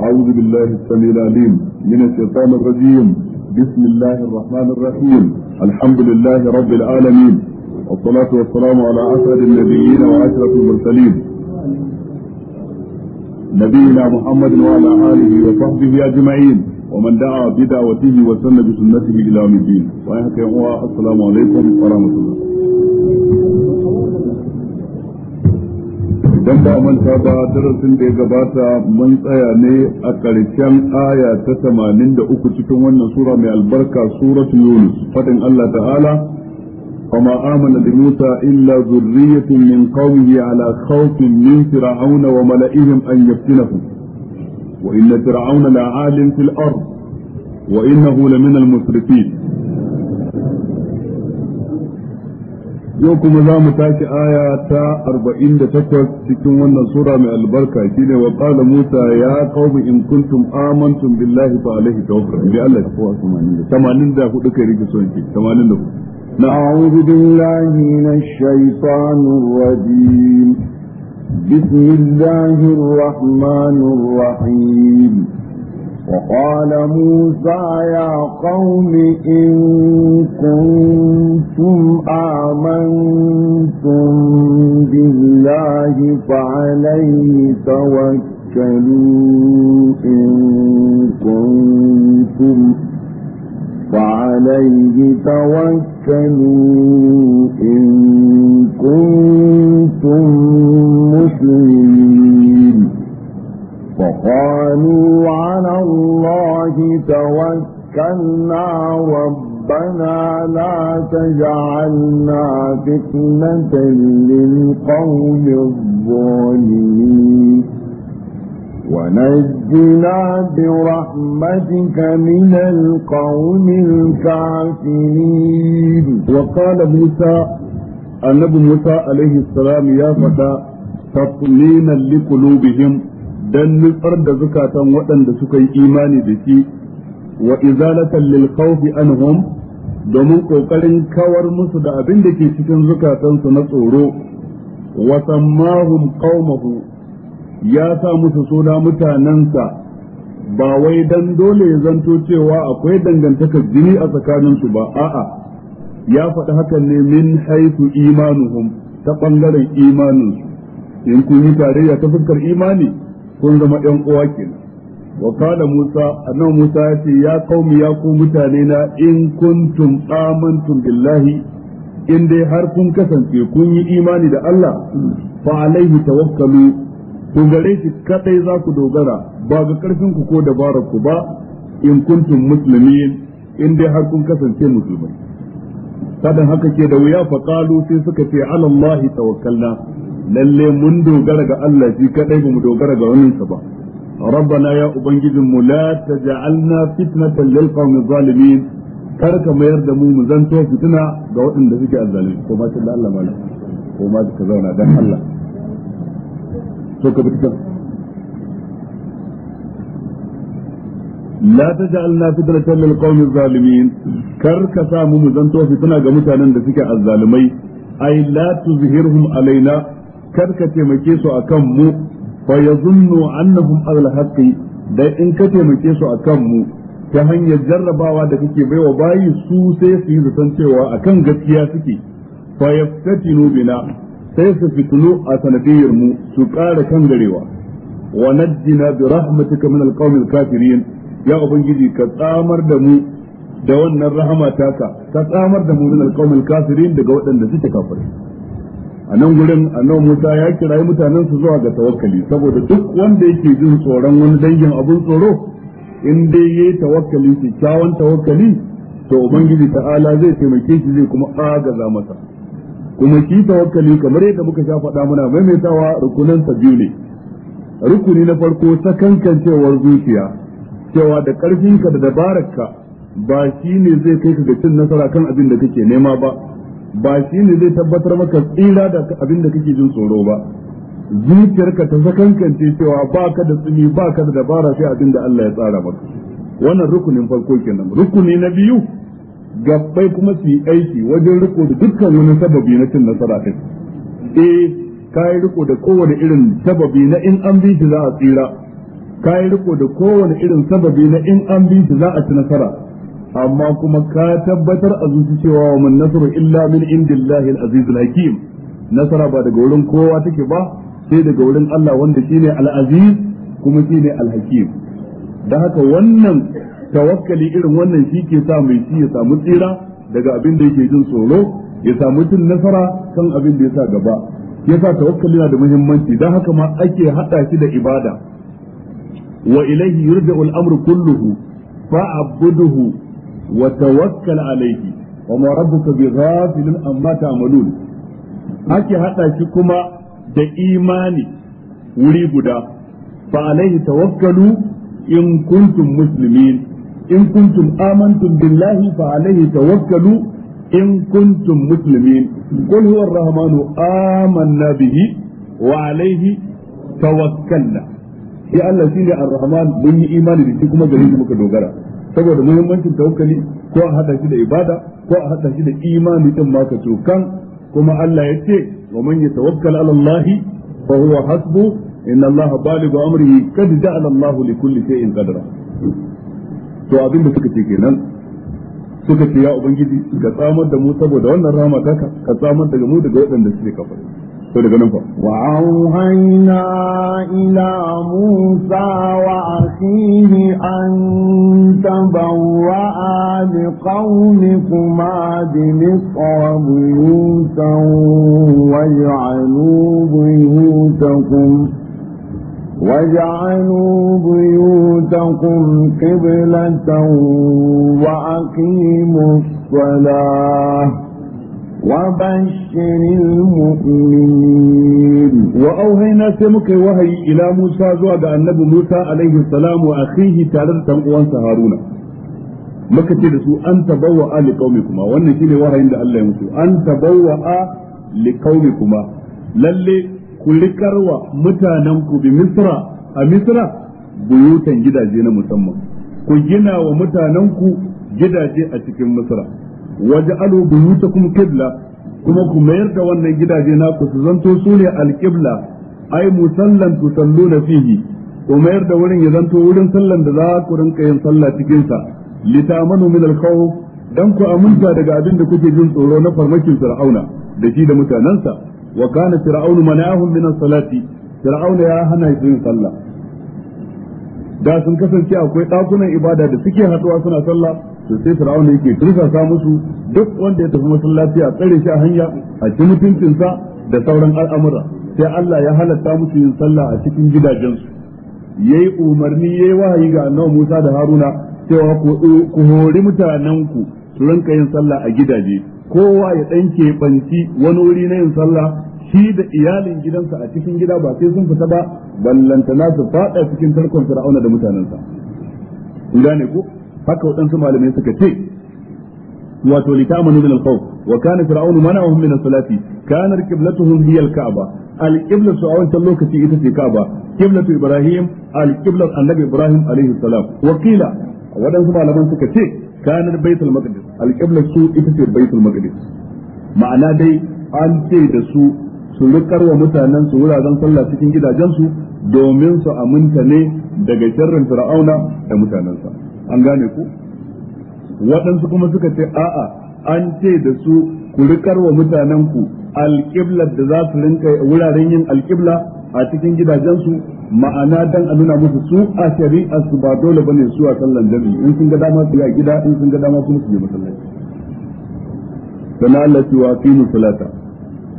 أعوذ بالله السميع العليم من الشيطان الرجيم بسم الله الرحمن الرحيم الحمد لله رب العالمين والصلاة والسلام على أسعد النبيين وأشرف المرسلين نبينا محمد وعلى آله وصحبه أجمعين ومن دعا بدعوته وسن بسنته إلى يوم الدين وأهكم السلام عليكم ورحمة الله idan ba manta ba darasin da ya gabata mun tsaya ne a ƙarshen aya ta tamanin da uku cikin wannan sura mai albarka suratu yunus fadin Allah ta'ala وما آمن بموسى إلا ذرية من قومه على خوف من فرعون وملئهم أن يفتنهم وإن فرعون لعال في الأرض وإنه لمن المسرفين yau kuma za mu tashi aya ta arba'in da takwas cikin wannan sura mai albarka shine wa qala musa ya qaumi in kuntum amantum billahi fa alaihi tawakkal bi allah da tamanin da 84 kai rike son ki da na'udhu billahi minash shaitanir rajim بسم الله الرحمن الرحيم وقال موسى يا قوم إن كنتم آمنتم بالله فعليه توكلوا إن كنتم فعليه توكلوا إن كنتم مسلمين وقالوا على الله توكلنا ربنا لا تجعلنا فتنة للقوم الظالمين ونجنا برحمتك من القوم الكافرين وقال موسى النبي موسى عليه السلام يا فتى تطمينا لقلوبهم dan nutsar da zukatan waɗanda suka yi imani da shi wa izalatan lil khawfi anhum domin kokarin kawar musu da abin da ke cikin zukatansu na tsoro wa sammahum qaumahu ya sa musu suna mutanansa ba wai dan dole ya zanto cewa akwai dangantakar jini a tsakaninsu ba a'a ya faɗi hakan ne min haifu imanuhum ta ɓangaren imaninsu in kun yi tarayya ta fuskar imani kun zama ɗan uwa kenan wa kala musa annabi musa ya ce ya kaumi ya ku mutane na in kuntum amantum billahi in dai har kun kasance kun yi imani da Allah fa alaihi tawakkalu ku gare shi kadai za ku dogara ba ga karfin ku ko dabarar ku ba in kuntum muslimin in dai har kun kasance musulmai sadan haka ke da wuya fa qalu sai suka ce ala Allah tawakkalna lalle mun dogara ga Allah shi kadai ba mu dogara ga wani sa ba rabbana ya ubangijin mu la taj'alna fitnatan lil qawmi zalimin kar ka mayar da mu mu zanto fitina ga waɗanda suke azzalimi ko ma da Allah malam ko ma ka zauna dan Allah to ka bi لا تجعلنا kar ka sa mu كسامو مزنتو فتنة ga mutanen da suke azzalumai ai la tuzhirhum alaina kar ka taimake su kan mu fa yazunnu annahum alal haqqi dan in ka taimake su kan mu ta hanyar jarrabawa da kake baiwa bayi su sai su yi zaton cewa akan gaskiya suke fa yaftatinu bina sai su fitinu a sanadiyar mu su ƙara kan garewa wa najjina bi rahmatika min alqawmil kafirin ya ubangiji ka tsamar da mu da wannan rahama taka ka tsamar da mu min alqawmil kafirin daga waɗanda suke kafirai a nan gurin annabi Musa ya kirayi mutanen su zuwa ga tawakkali saboda duk wanda yake jin tsoron wani dangin abun tsoro in dai yayi tawakkali kyakkyawan tawakkali to ubangiji ta'ala zai taimake shi zai kuma agaza masa kuma shi tawakkali kamar yadda muka sha faɗa muna maimaitawa rukunan sa biyu ne rukuni na farko ta sakankancewar zuciya cewa da karfinka da dabararka ba shi ne zai kai ka ga cin nasara kan abin da kake nema ba ba shi ne zai tabbatar maka tsira da abin da kake jin tsoro ba zuciyarka ta zakankance cewa ba ka da tsini ba ka da dabara sai abin da Allah ya tsara maka wannan rukunin farko kenan rukuni na biyu gabbai kuma su yi aiki wajen riko da dukkan wani sababi na cin nasara kai eh ka yi riko da kowane irin sababi na in an bi shi za a tsira ka yi riko da kowane irin sababi na in an bi shi za a ci nasara amma kuma ka tabbatar a zuci cewa wa man nasru illa min indillahi al-aziz hakim nasara ba daga wurin kowa take ba sai daga wurin Allah wanda shine al-aziz kuma shine al-hakim dan haka wannan tawakkali irin wannan shi ke sa mai shi ya samu tsira daga abin da yake jin tsoro ya samu cin nasara kan abin da ya sa gaba yasa tawakkali na da muhimmanci dan haka ma ake hada shi da ibada wa ilayhi yurja'u al-amru kulluhu fa'buduhu wa tawakkal alayhi wa ma rabbuka bighafilin amma ta'malun ake hada kuma da imani wuri guda fa alaihi tawakkalu in kuntum muslimin in kuntum amantum billahi fa alaihi tawakkalu in kuntum muslimin qul huwa ar-rahmanu amanna bihi wa alaihi tawakkalna Ya Allah shine ar-rahman mun yi imani da shi kuma gare shi muka dogara saboda muhimmancin tawakkali ko a hada shi da ibada ko a hada shi da imani din ma ka kuma Allah ya ce wa man yatawakkal ala Allah fa huwa hasbu inna Allah balighu amrihi kad ja'ala Allah li kulli shay'in qadra to abin da suka ce kenan suka ce ya ubangiji ka tsamar da mu saboda wannan rahama ka ka tsamar daga mu daga waɗanda suke kafare to daga nan fa wa auhayna ila musa wa akhihi an tabawwa li qaumikuma bi misr buyutan waj'alu buyutakum واجعلوا بيوتكم قبلة وأقيموا الصلاة وبشر المؤمنين وأوهينا سمك وهي إلى موسى زوى النبي موسى عليه السلام وأخيه تعالى تنقوان هارون maka ce da su an tabawwa li qaumikuma wannan shine wahayin da Allah ya musu an tabawwa li qaumikuma lalle ku rikarwa mutanen ku bi misra a misra buyutan gidaje na musamman ku gina wa mutanen ku gidaje a cikin misra waj'alu buyutakum qibla kuma ku mayar da wannan gidaje na ku su zanto su ne alqibla ai musallan tusalluna fihi ku mayar da wurin ya zanto wurin sallan da za ku rinka yin sallah cikin sa litamanu min dan ku aminta daga abin da kuke jin tsoro na farmakin fir'auna da shi da mutanansa wa kana fir'aunu mana'ahum min as-salati fir'auna ya hana yin sallah da sun kasance akwai dakunan ibada da suke haɗuwa suna sallah to sai fir'auna yake sa musu duk wanda ya tafi masallaci a tsare shi a hanya a ci sa da sauran al'amura sai Allah ya halatta musu yin sallah a cikin gidajensu yayi umarni yayi wahayi ga annabi Musa da Haruna cewa ku hori mutanen ku su rinka yin sallah a gidaje kowa ya dan banci wani wuri na yin sallah shi da iyalin gidansa a cikin gida ba sai sun fita ba ballantana su faɗa cikin tarkon fir'auna da mutanensa gane ko haka waɗansu malamai suka ce wato li ta'manu min al-khawf wa kana fir'aunu mana'ahum min as-salati kana qiblatuhum hiya al-ka'ba al-qiblatu a wancan lokaci ita ce ka'ba qiblatu ibrahim al-qiblatu annabi ibrahim alaihi salam wa qila waɗansu malaman suka ce kana baitul maqdis al-qiblatu ita ce baitul maqdis ma'ana dai an ce da su su rikar wa mutanen su wuraren sallah cikin gidajensu domin su aminta ne daga shirin fir'auna da mutanensa an gane ku waɗansu kuma suka ce a'a an ce da su ku wa mutanen ku alƙiblar da za su rinka wuraren yin alƙibla a cikin gidajensu ma'ana dan a nuna musu su a shari'a su ba dole bane su a sallan jami'i in sun ga dama su yi a gida in sun ga dama kuma su je masallaci sana Allah ce wa aqimu musulata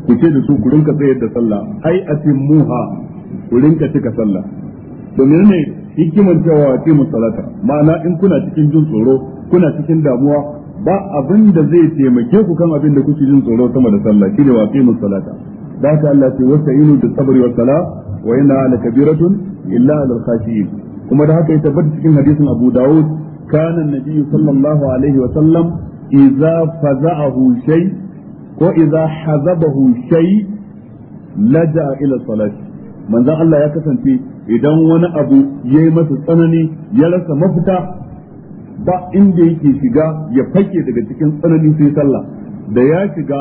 ku ce da su ku rinka tsayar da sallah ai muha ku rinka cika sallah domin ne. hikimar cewa wa ma'ana in kuna cikin jin tsoro kuna cikin damuwa ba abin da zai taimake ku kan abin da kuke jin tsoro sama da sallah shine wa qimu salata da haka Allah ce wasta'inu da sabri was sala wa inna ala kabiratun illa al khashiyin kuma da haka ya tabbata cikin hadisin Abu Dawud kana nabiyyu sallallahu alaihi wa sallam idza faza'ahu shay ko idza hazabahu shay laja ila salati manzon Allah ya kasance idan wani abu ya yi masa tsanani ya rasa mafita ba inda yake shiga ya fake daga cikin tsanani sai sallah da ya shiga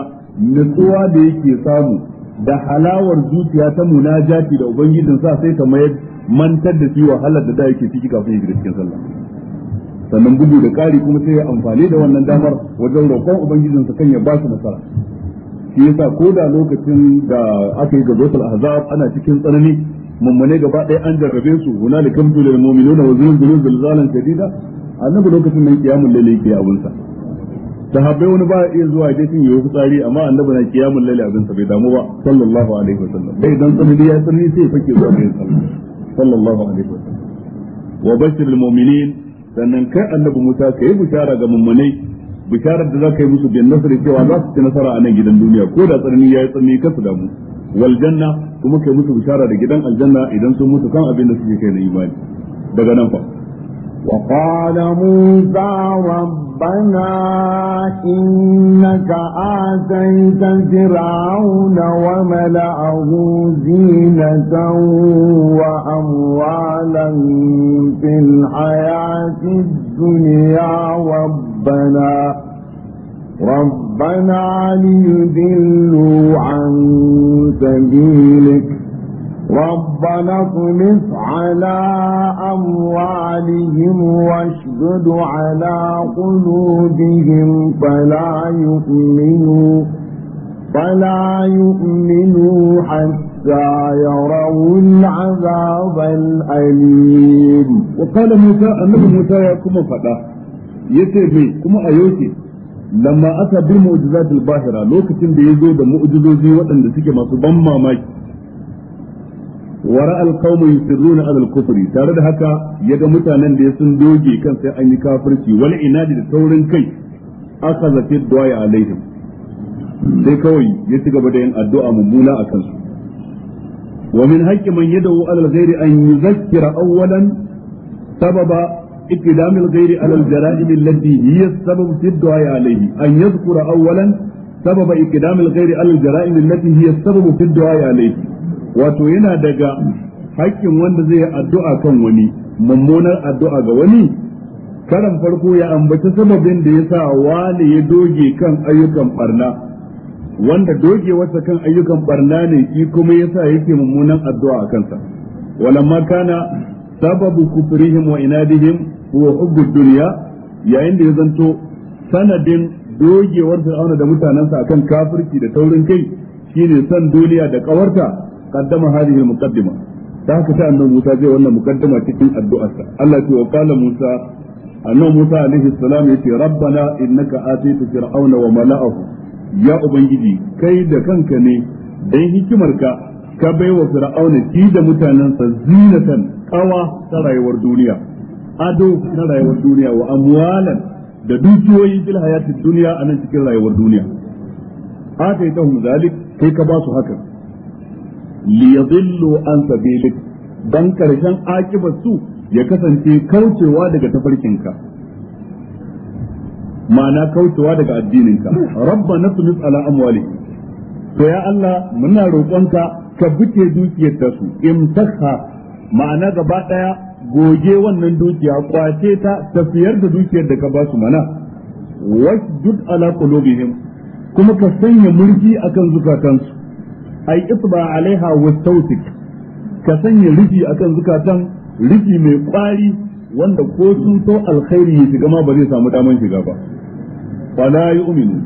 nutsuwa da yake samu da halawar zuciya ta munajati da ubangijin sa sai ta mayar mantar da shi wahalar da da yake ciki kafin ya cikin sallah sannan bugu da ƙari kuma sai ya amfani da wannan damar wajen roƙon ubangijin sa kan ya ba su nasara shi yasa ko da lokacin da aka yi gazotul ahzab ana cikin tsanani mummune gaba ɗaya an jarrabe su da hunalika mutulil mu'minuna wa zulzulu zulzalan shadida annabi lokacin nan kiyamul layli yake abun sa sahabbai wani ba iya zuwa je sun yi fitsari amma annabi na kiyamul layli abin sa bai damu ba sallallahu alaihi wasallam sai dan tsanani ya tsanani sai fake zuwa ga sallah sallallahu alaihi wa sallam. wa bashirul mu'minin sannan kai annabi Musa kai bishara ga mummunai bisharar da zaka yi musu bin nasarar cewa za su ci nasara a nan gidan duniya ko da tsanani ya yi tsanani kasu damu wal janna kuma kai musu bishara da gidan aljanna idan sun mutu kan abin da suke kai na imani daga nan fa وقال موسى ربنا إنك آتيت فرعون وملأه زينة وأموالا في الحياة الدنيا ربنا ربنا ليدلوا عن سبيلك ربنا اطمس على أموالهم واشدد على قلوبهم فلا يؤمنوا فلا يؤمنوا حتى يروا العذاب الأليم وقال موسى أنه موسى يا كما فتح يتبه كما أيوتي lamma aka bil mu'jizat bahira lokacin da yazo da mu'jizozi waɗanda suke masu ban mamaki wara al qaum yusirruna ala al tare da haka yaga mutanen da sun doge kan sai an yi kafirci wal inadi da taurin kai aka zafi du'a alaihim sai kawai ya ci gaba da yin addu'a mummuna a kansu wa min haqqi man yad'u ala al ghairi an yuzakkira awwalan sababa اقدام الغير على الجرائم التي هي السبب في الدعاء عليه أن يذكر أولا سبب اقدام الغير على الجرائم التي هي السبب في الدعاء عليه yana daga hakkin wanda zai yi addu'a kan wani mummunar addu'a ga wani karan farko ya ambaci sababin da ya sa wani ya doge kan ayyukan barna wanda doge wasa kan ayyukan barna ne shi kuma ya sa yake mummunan addu'a a kansa walamma kana sababu kufrihim wa inadihim huwa hubbud dunya yayin da ya zanto sanadin dogewar fir'auna da mutanansa akan kafirci da taurin kai shine san duniya da kawarta qaddama hadhihi al-muqaddima da haka ta annabi Musa zai wannan muqaddama cikin addu'arsa Allah ce wa qala Musa annabi Musa alaihi salam yace rabbana innaka atayta fir'auna wa mala'ahu ya ubangiji kai da kanka ne dan hikimarka ka baiwa fir'auna shi da mutanansa zinatan kawa ta rayuwar duniya ado na rayuwar duniya wa amwalan da dukiyoyi fil hayatid duniya a nan cikin rayuwar duniya ataitahum zalik kai ka ba su haka li yadhillu an sabilik dan karshen akibar su ya kasance kaucewa daga tafarkinka ma'ana kaucewa daga addininka rabbana tunis ala amwali to ya Allah muna roƙonka ka buke dukiyar ta su imtakha ma'ana gaba daya goge wannan dukiya kwace ta tafiyar da dukiyar da ka ba su mana duk ala qulubihim kuma ka sanya murji akan zukatansu ai isba alaiha wastawsik ka sanya rufi akan zukatan rufi mai kwari wanda ko sun to alkhairi ya shiga ma ba zai samu daman shiga ba fala yu'minu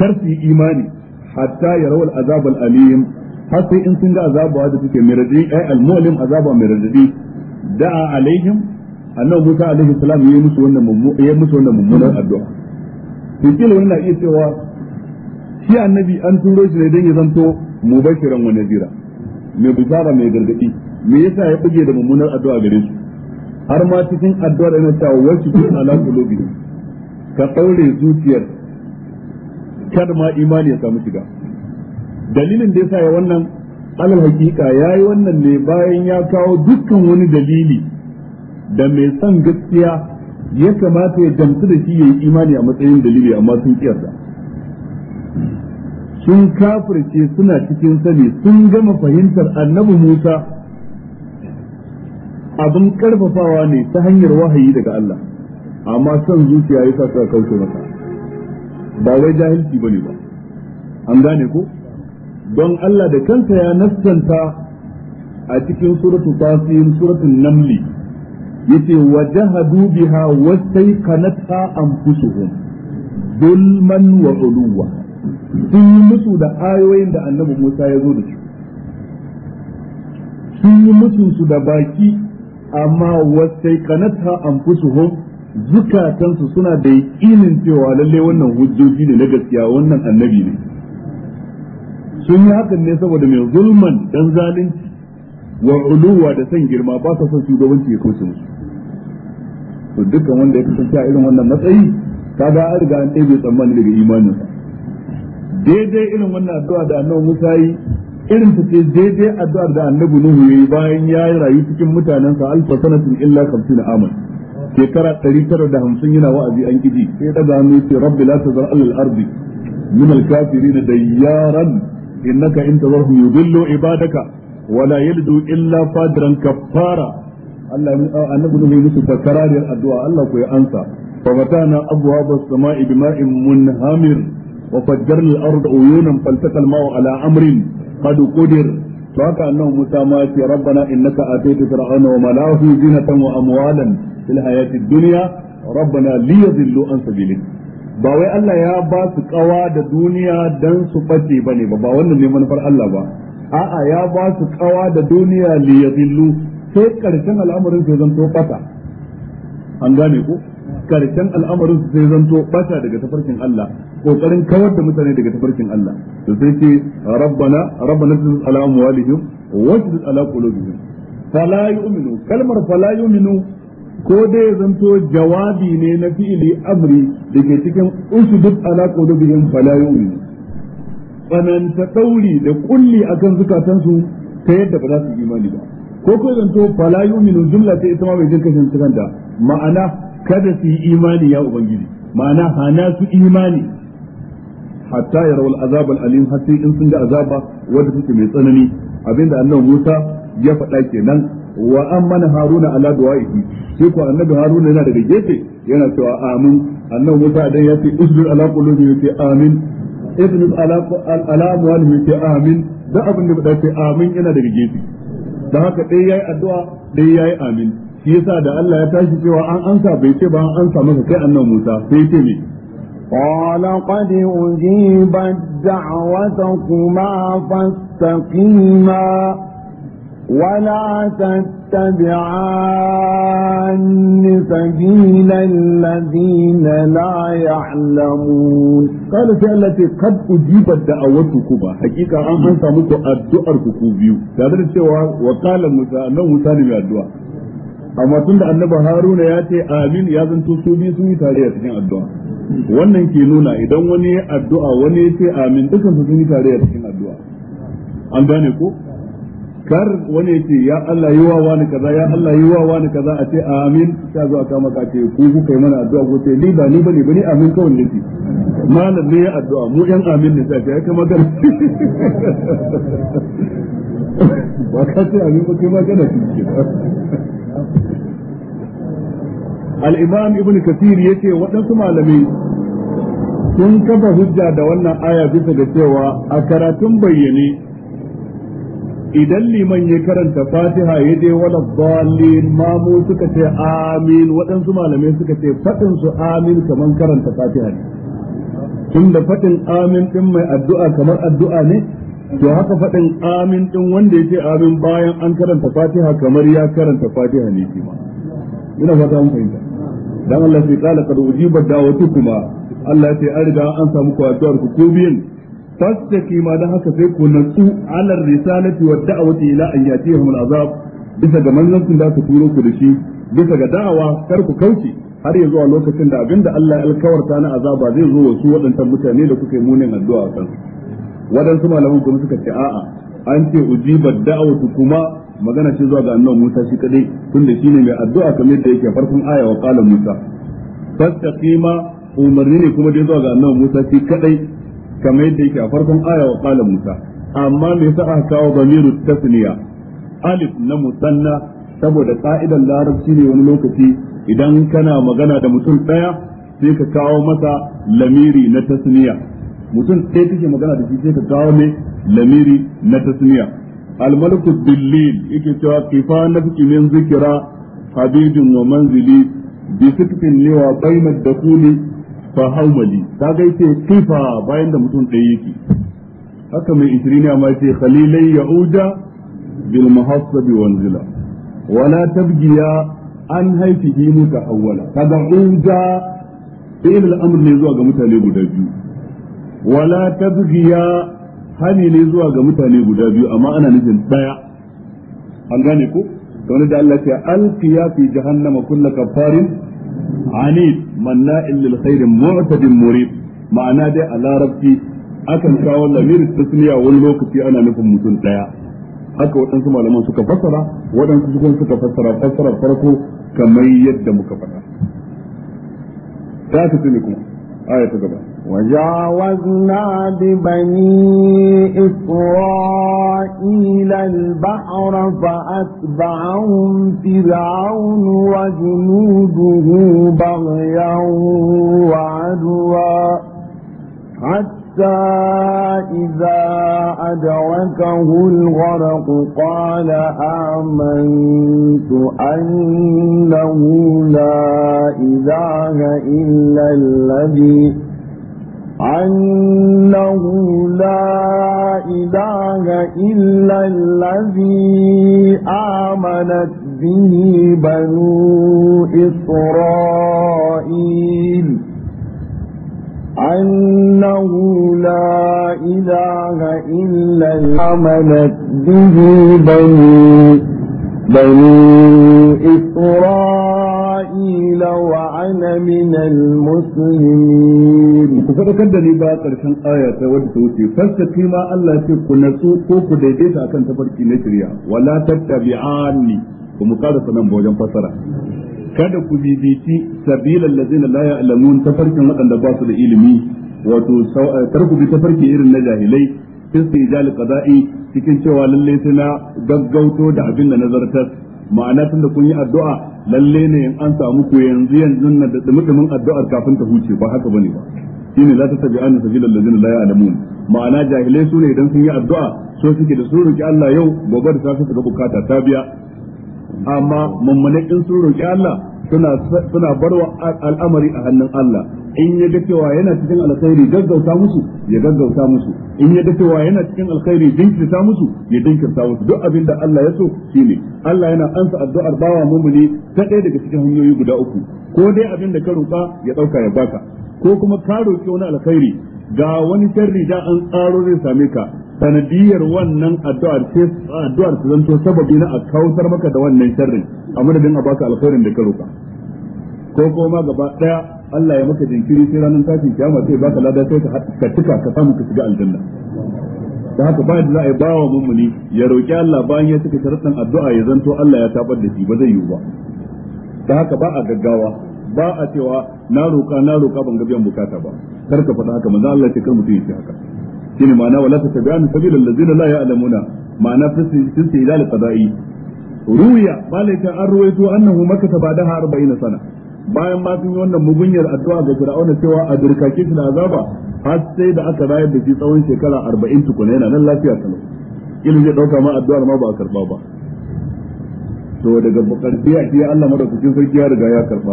kar su yi imani hatta ya rawar al alim har sai in sun ga azabawa da suke mai radadi ai al mu'lim azaba mai radadi da'a alaihim annabi Musa alaihi salam yayi musu wannan mummu musu wannan mummunar addu'a to kila wannan na iya cewa shi annabi an turo shi ne dan ya zanto mubashiran wa nazira mai bishara mai gargadi me yasa ya buge da mummunar addu'a gare su har ma cikin da yana cewa wasu kun ala qulubi ka kaure zuciyar kada ma imani ya samu shiga dalilin da yasa ya wannan alal hakika yayi wannan ne bayan ya kawo dukkan wani dalili da mai son gaskiya ya kamata ya gamsu da shi ya yi imani a matsayin dalili amma sun kiyarda sun kafirce suna cikin sani sun gama fahimtar annabi Musa abin karfafawa ne ta hanyar wahayi daga Allah amma son zuciya ya sa suka kauce masa ba wai jahilci bane ba an gane ko don Allah da kansa ya nasanta a cikin suratul tasir suratul namli yace wajahadu biha wastaykanatha anfusuhum dulman wa uluwa sun yi musu da ayoyin da annabi Musa ya zo da su sun yi musu su da baki amma wastaykanatha anfusuhum zukatansu suna da yaƙinin cewa lalle wannan hujjoji ne na gaskiya wannan annabi ne sun yi hakan ne saboda mai zulman dan zalunci wa uluwa da san girma ba sa son shugabanci ya kauce musu to dukkan wanda ya kasance a irin wannan matsayi kaga an riga an ɗebe tsammani daga imaninsa daidai irin wannan addu'a da annabi Musa yi irin ta ce daidai addu'ar da annabi Nuhu yayi bayan ya yi rayu cikin mutanensa alfa sanatin illa 50 aman shekara tara da hamsin yana wa'azi an kiji sai daga hannu ce rabbi la tazar alal ardi min al-kafirin dayyaran innaka in tazarhum yudillu ibadaka wala yalidu illa fadran kaffara Allah annabi ne musu takarariyar addu'a Allah ku ya ansa fa na abwaab as-samaa'i bima'in munhamir wa fajjarna al-ardha uyunan faltaqa al-ma'u ala amrin qad qudir to haka annabi Musa ma ya ce rabbana innaka atayta fir'auna wa malahu zinatan wa amwalan fil hayati ad-dunya rabbana liyadhillu an sabilika ba wai Allah ya ba su kawa da duniya dan su bace ne ba ba wannan ne manufar Allah ba a'a ya ba su kawa da duniya li yadillu sai karshen al'amarin sai zanto bata an gane ku? karshen al'amarin su sai zanto bata daga tafarkin Allah kokarin kawar da mutane daga tafarkin Allah to sai ce rabbana rabbana tuzil ala amwalihim wa tuzil ala qulubihim fala yu'minu kalmar fala yu'minu ko dai ya zanto jawabi ne na fi'ili amri da ke cikin usudut da qulubihim fala yu'minu tsananta ɗauri da kulli akan zukatansu ta yadda ba za su imani ba ko ko zanto fala yu'minu jumla ta ita ma bai jin kashin cikanta ma'ana kada su yi imani ya ubangiji ma'ana hana su imani hatta ya rawar azabar alim har in sun ga azaba wanda suke mai tsanani abinda annabi Musa ya faɗa kenan wa an mana haruna ala du'a'ihi sai ko annabi haruna yana daga gefe yana cewa amin annabi musa dan ya ce usbir ala qulubi ce amin ibn ala ala ya ce amin da abin da ya ce amin yana daga gefe da haka dai yayi addu'a dai yayi amin shi yasa da Allah ya tashi cewa an ansa bai ce ba an ansa masa kai annabi musa sai ce me قال قد أجيبت دعوتكما فاستقيما ولا تتبعان سبيل الذين لا يعلمون قال سي التي قد أجيبت دعوتكم حقيقة أن أنت مكو أدعركم بيو تدري سوى وقال موسى أنه موسى لم الدعاء أما tunda أن haruna يأتي آمين amin تسوبي سوي su biyu sun wannan ke nuna idan wani addu'a wani ya ce amin dukan su sun yi tare a cikin addu'a an gane ko kar wani ya ce ya Allah yi wa wani kaza ya Allah yi wa wani kaza a ce amin ta zuwa kama maka ce ku ku kai mana addu'a ko ce ni ba ni bane bane amin kawai ki malam ne ya addu'a mu yan amin ne sai ya kama kan ba ka ce amin ba kai ma kana ciki al-imam ibn kathir yace waɗansu malamai sun kafa hujja da wannan aya bisa da cewa a karatun bayyane idan liman ya karanta fatiha ya je wala dalil mamu suka ce amin waɗansu malamai suka ce faɗin su amin kamar karanta fatiha ne tunda fadin amin ɗin mai addu'a kamar addu'a ne to haka fadin amin ɗin wanda ya ce amin bayan an karanta fatiha kamar ya karanta fatiha ne shi ma ina fata mun fahimta dan Allah sai kala kad ujiba da'watukuma Allah ya ce an riga an samu ku addu'ar ku ko biyan fastaki ma dan haka sai ku natsu alar risalati wa da'wati ila an yatihum al'azab bisa ga manzancin da aka turo ku da shi bisa ga da'awa kar ku kauce har ya zuwa lokacin da abinda Allah ya alkawarta na azaba zai zo wasu waɗancan mutane da kuka yi munin addu'a a waɗansu malaman kuma suka ce a'a an ce ujiba da'awatu kuma magana ce zuwa ga annabi Musa shi kadai tunda shine mai addu'a kamar da yake farkon aya wa qala Musa fastaqima umarni ne kuma dai zuwa ga annabi Musa shi kadai Ka yadda yake a farkon aya wa qala musa amma me yasa aka kawo bamiru tasmiya? alif na musanna saboda ka'idan larabci ne wani lokaci idan kana magana da mutum ɗaya, sai ka kawo masa lamiri na tasniya mutum sai kake magana da shi sai ka kawo ne lamiri na tasniya الملك الدليل يكتوى كفا نفك Habibin, wa Manzili. ومنزلي بسكت لي وبين الدخول fa haumali ga yace kifa bayan da mutum ɗaya yake haka mai ishirin ma ce, khalilai ya'uda bil muhassabi wal zila wala tabgiya an haifi haifihi mutahawwala kaga uda fi'il al ne zuwa ga mutane guda biyu wala tabgiya hani ne zuwa ga mutane guda biyu amma ana nufin daya an gane ko da wani da Allah ya alqiya fi jahannama kullu kafarin anid manna lil khairin mu'tadin murid ma'ana dai a larabci akan kawo lamirin tasniya wani lokaci ana nufin mutum daya haka waɗansu malaman suka fassara waɗansu sukan suka fassara fassara farko kamar yadda muka faɗa Za ka kuma aya ta gaba وجاوزنا ببني إسرائيل البحر فأتبعهم فرعون وجنوده بغيا وعدوا حتى إذا أدركه الغرق قال آمنت أنه لا إله إلا الذي أنه لا إله إلا الذي آمنت به بنو إسرائيل أنه لا إله إلا آمنت به بنو بني إسرائيل وأنا من المسلمين ku faɗakar da ni ba ƙarshen aya ta wadda ta wuce fastaqi ma Allah ce ku natsu ko ku daidaita akan tafarki na shari'a wala tattabi'ani ku mu ƙara sanan wajen fasara kada ku bibici sabilal ladzina la ya'lamun tafarkin waɗanda ba su da ilimi wato eh, kar ku bi tafarki irin na jahilai istijal qada'i cikin cewa lalle sai na gaggauto da abin da nazartar ma'ana tun da kun yi addu'a lalle ne in an samu ku yanzu yanzu da dumudumin addu'ar kafin ta huce ba haka bane ba shine la sabilan da ladzina laya alamun ma'ana jahilai su ne idan sun yi addu'a so suke da su roki Allah yau gobe da safe su ga bukata ta biya amma mummune in sun roki Allah suna suna barwa al'amari a hannun Allah in ya ga cewa yana cikin alkhairi gaggauta musu ya gaggauta musu in ya ga cewa yana cikin alkhairi dinkirta musu ya dinkirta musu duk abin da Allah ya so shine Allah yana ansa addu'ar bawa mumuni ta ɗaya daga cikin hanyoyi guda uku ko dai abin da ka roƙa ya ɗauka ya baka ko kuma ka roƙi wani alkhairi ga wani sharri da an tsaro zai same ka sanadiyar wannan addu'ar ce addu'ar ta zanto sababi na a kautar maka da wannan sharrin a madadin a baka alkhairin da ka roka ko kuma gaba daya Allah ya maka jinkiri sai ranar tashin kiyama sai baka lada sai ka tuka ka samu ka shiga aljanna da haka ba da za a yi bawa mummuni ya roki Allah bayan ya cika sharuɗin addu'a ya zanto Allah ya tabar da shi ba zai yiwu ba da haka ba a gaggawa ba a cewa na roka na roka ban ga biyan bukata ba kar ka faɗa haka manzo Allah ya kar mutum ya ce haka shine ma'ana wala tabi'an sabilal ladzina la ya'lamuna ma'ana fisi fisi ila al-qada'i ruya malaka an ruwaito annahu makata ba'daha 40 sana bayan ma sun yi wannan mugunyar addu'a ga Fir'auna cewa a durkake shi da azaba har sai da aka rayar da shi tsawon shekara 40 tukuna yana nan lafiya kalau ilin zai dauka ma addu'ar ma ba a karba ba to daga bukarfi a ciye Allah madaukakin sarki ya riga ya karba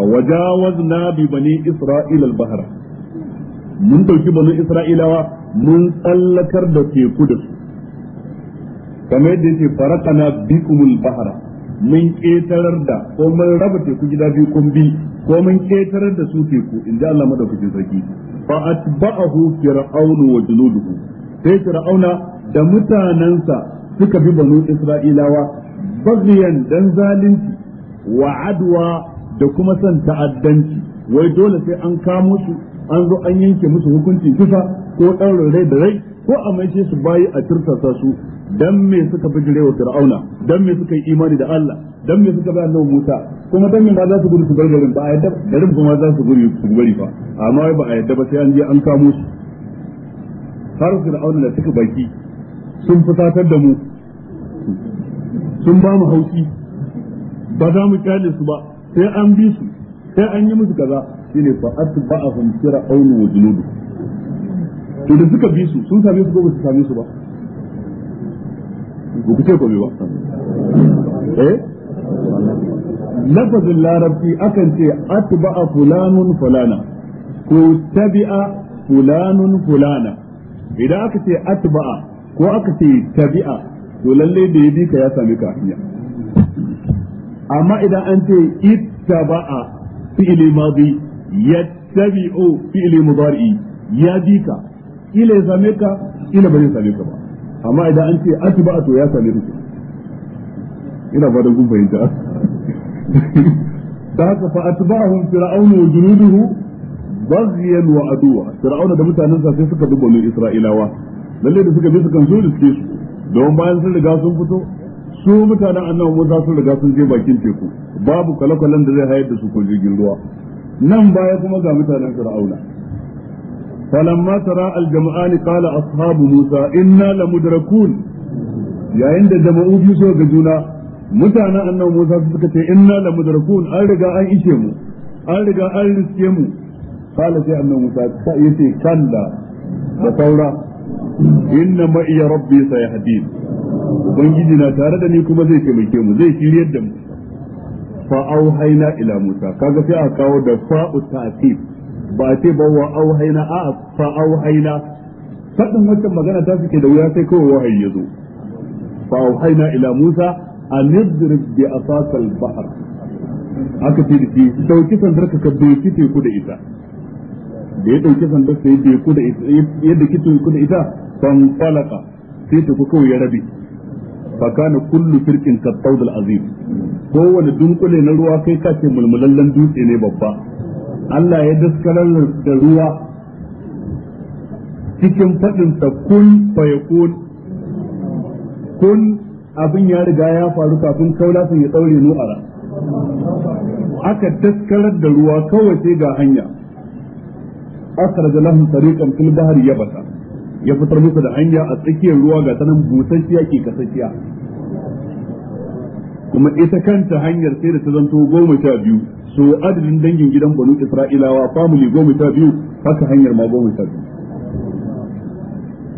na bi bani isra'ila al-bahr mun dauki bani isra'ilawa mun tsallakar da teku da su kamar yadda yake na bikumul bahra mun ketarar da ko mun raba teku gida biyu kun bi ko mun ketarar da su teku in ji Allah madaukakin sarki fa atba'ahu fir'aunu wa junuduhu sai fir'auna da mutanansa suka bi banu isra'ilawa bagiyan dan zalunci wa adwa da kuma son ta'addanci wai dole sai an kamo su an zo an yanke musu hukuncin kisa ko ɗaurin rai da rai ko a maishe su bayi a tursasa su dan me suka bi wa fir'auna dan me suka yi imani da Allah dan me suka bi annabi Musa kuma dan me ba za su gudu su bar ba a yadda garin kuma za su gudu su bari fa amma ba a yadda ba sai an je an kamo su har fir'auna da suka baki sun fusatar da mu sun ba mu hauki ba za mu kyale su ba sai an bi su sai an yi musu kaza shine fa atba'ahum fir'aun wa junudu to da suka bi su sun same su ko ba su same su ba ba ku ce ko ba eh lafazin larabci akan ce a fulanun fulana ko tabi'a fulanun fulana idan aka ce a ko aka ce tabi'a to lalle da ya bi ka ya same ka hanya amma idan an ce ittaba'a fi'li madi yattabi'u fi'li mudari ya bi ka ila ya same ka ila ba zai same ka ba amma idan an ce atba'a to ya same ka ina ba da kun fahimta da haka fa atba'ahum fir'aunu wa junuduhu baghyan wa aduwa fir'auna da mutanensa sai suka dubo isra'ilawa lalle da suka bi suka zo da suke su don bayan sun riga sun fito su mutanen annabi Musa sun riga sun je bakin teku babu kwale-kwalen da zai hayar da su ko jirgin ruwa nan baya kuma ga mutanen Fir'auna falamma tara al-jama'ani qala ashabu Musa inna lamudrakun yayin da jama'u biyu so ga juna mutanen annabi Musa suka ce inna lamudrakun an riga an ishe mu an riga an riske mu kala sai annabi Musa sai yace kalla da saura inna ma iya rabbi sayahdin ubangiji na tare da ni kuma zai taimake mu zai shiryar da mu fa auhayna ila musa kaga sai a kawo da fa ta'sif ba ce ba wa auhayna a fa auhayna fadin wannan magana ta suke da wuya sai kawai wahayi ya zo fa auhayna ila musa an yadrib bi asasal bahr aka ce da shi dauki sandar ka doki teku da ita da ya dauki sandar sai teku da ita yadda ki ku da ita fanfalaka sai tafi kawai ya rabe fakana kullu firkin kattaud al-azim kowane dunkule na ruwa kai kace mulmulallen dutse ne babba Allah ya daskarar da ruwa cikin faɗin kun fayakun kun abin ya riga ya faru kafin kaulafin ya nu'ara aka daskarar da ruwa kawai sai ga hanya akhraja lahum tariqan fil ya yabasa ya fitar musu da hanya a tsakiyar ruwa ga tanan busasshiya ke kasasshiya kuma ita kanta hanyar sai da ta zanto goma sha biyu so adadin dangin gidan banu isra'ilawa family goma sha biyu haka hanyar ma goma sha biyu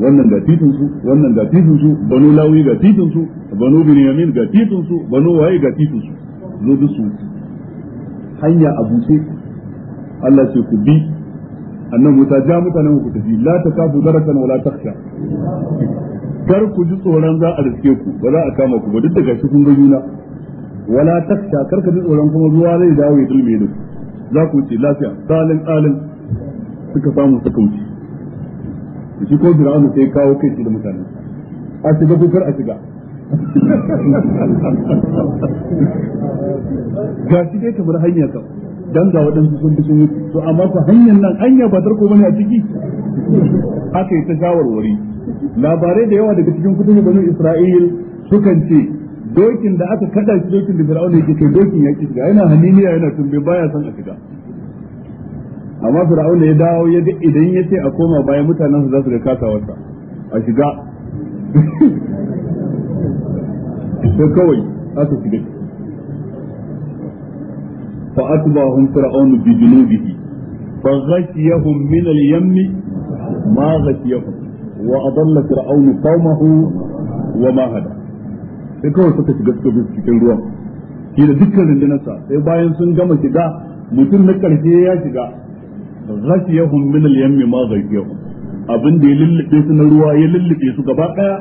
wannan ga titin su wannan ga titin su banu lawi ga titin su banu binyamin ga titin su banu waye ga titin su zo su hanya a buse Allah ce ku bi annan Musa ja mutanen ku tafi la kafu darakan wala takhsha kar ku ji tsoron za a riske ku ba za a kama ku ba duk da gashi kun ga wala takhsha kar ka ji tsoron kuma ruwa zai dawo ya dulme da ku za ku ce lafiya salin alin suka samu suka wuce shi ko fir'auna sai kawo kai da mutane a shiga ko kar a shiga ga shi dai kamar hanya kawai dan ga waɗansu sun sun yi to amma ku hanyar nan hanya ba tarko bane a ciki haka ta shawarwari labarai da yawa daga cikin kudin banu Isra'il sukan ce dokin da aka kada shi dokin da Fir'auna yake kai dokin ya ki shiga yana haniniya yana tumbe baya san a shiga amma Fir'auna ya dawo ya ga idan ya ce a koma baya mutanen su za su ga kasawarsa a shiga sai kawai aka shiga فأتبعهم فرعون بجنوده فغشيهم من اليم ما غشيهم وأضل فرعون قومه وما هدى sai kawai suka shiga cikin ruwan shi da dukkan sai bayan sun gama shiga mutum na karshe ya shiga ghashiyahum min abin da ya lullube su na ruwa ya lullube su gaba ɗaya,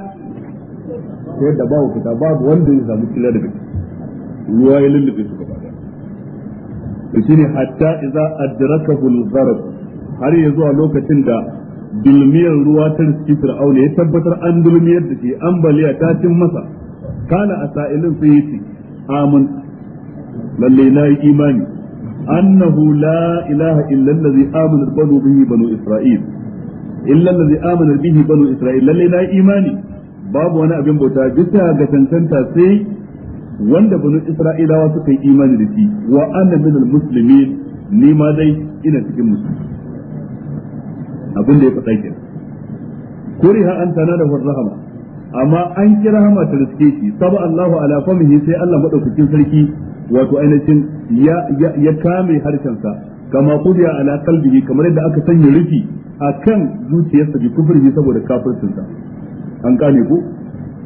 sai da babu fita babu wanda ya samu kila daga ruwa ya lullube su gaba to shine hatta idza adrakahu al-gharq har ya zuwa lokacin da dulmiyar ruwa ta riski fir'auna ya tabbatar an dulmiyar da ke ambaliya ta cin masa kana a sa'ilin sai yace amin lalle na yi imani annahu la ilaha illa allazi amana banu bihi banu isra'il illa allazi amana bihi banu isra'il lalle na yi imani babu wani abin bauta bisa ga tantanta sai wanda bani isra'ilawa suka yi imani da shi wa ana min almuslimin ni ma dai ina cikin musulmi abin da ya faɗa kuri ha an tana da rahama amma an kira rahama ta riske shi saba Allahu ala famihi sai Allah madaukakin sarki wato ainihin ya ya kame harshensa kama kudiya ala kalbihi kamar yadda aka sanya rufi akan zuciyarsa bi kufrihi saboda kafircinsa an kame ku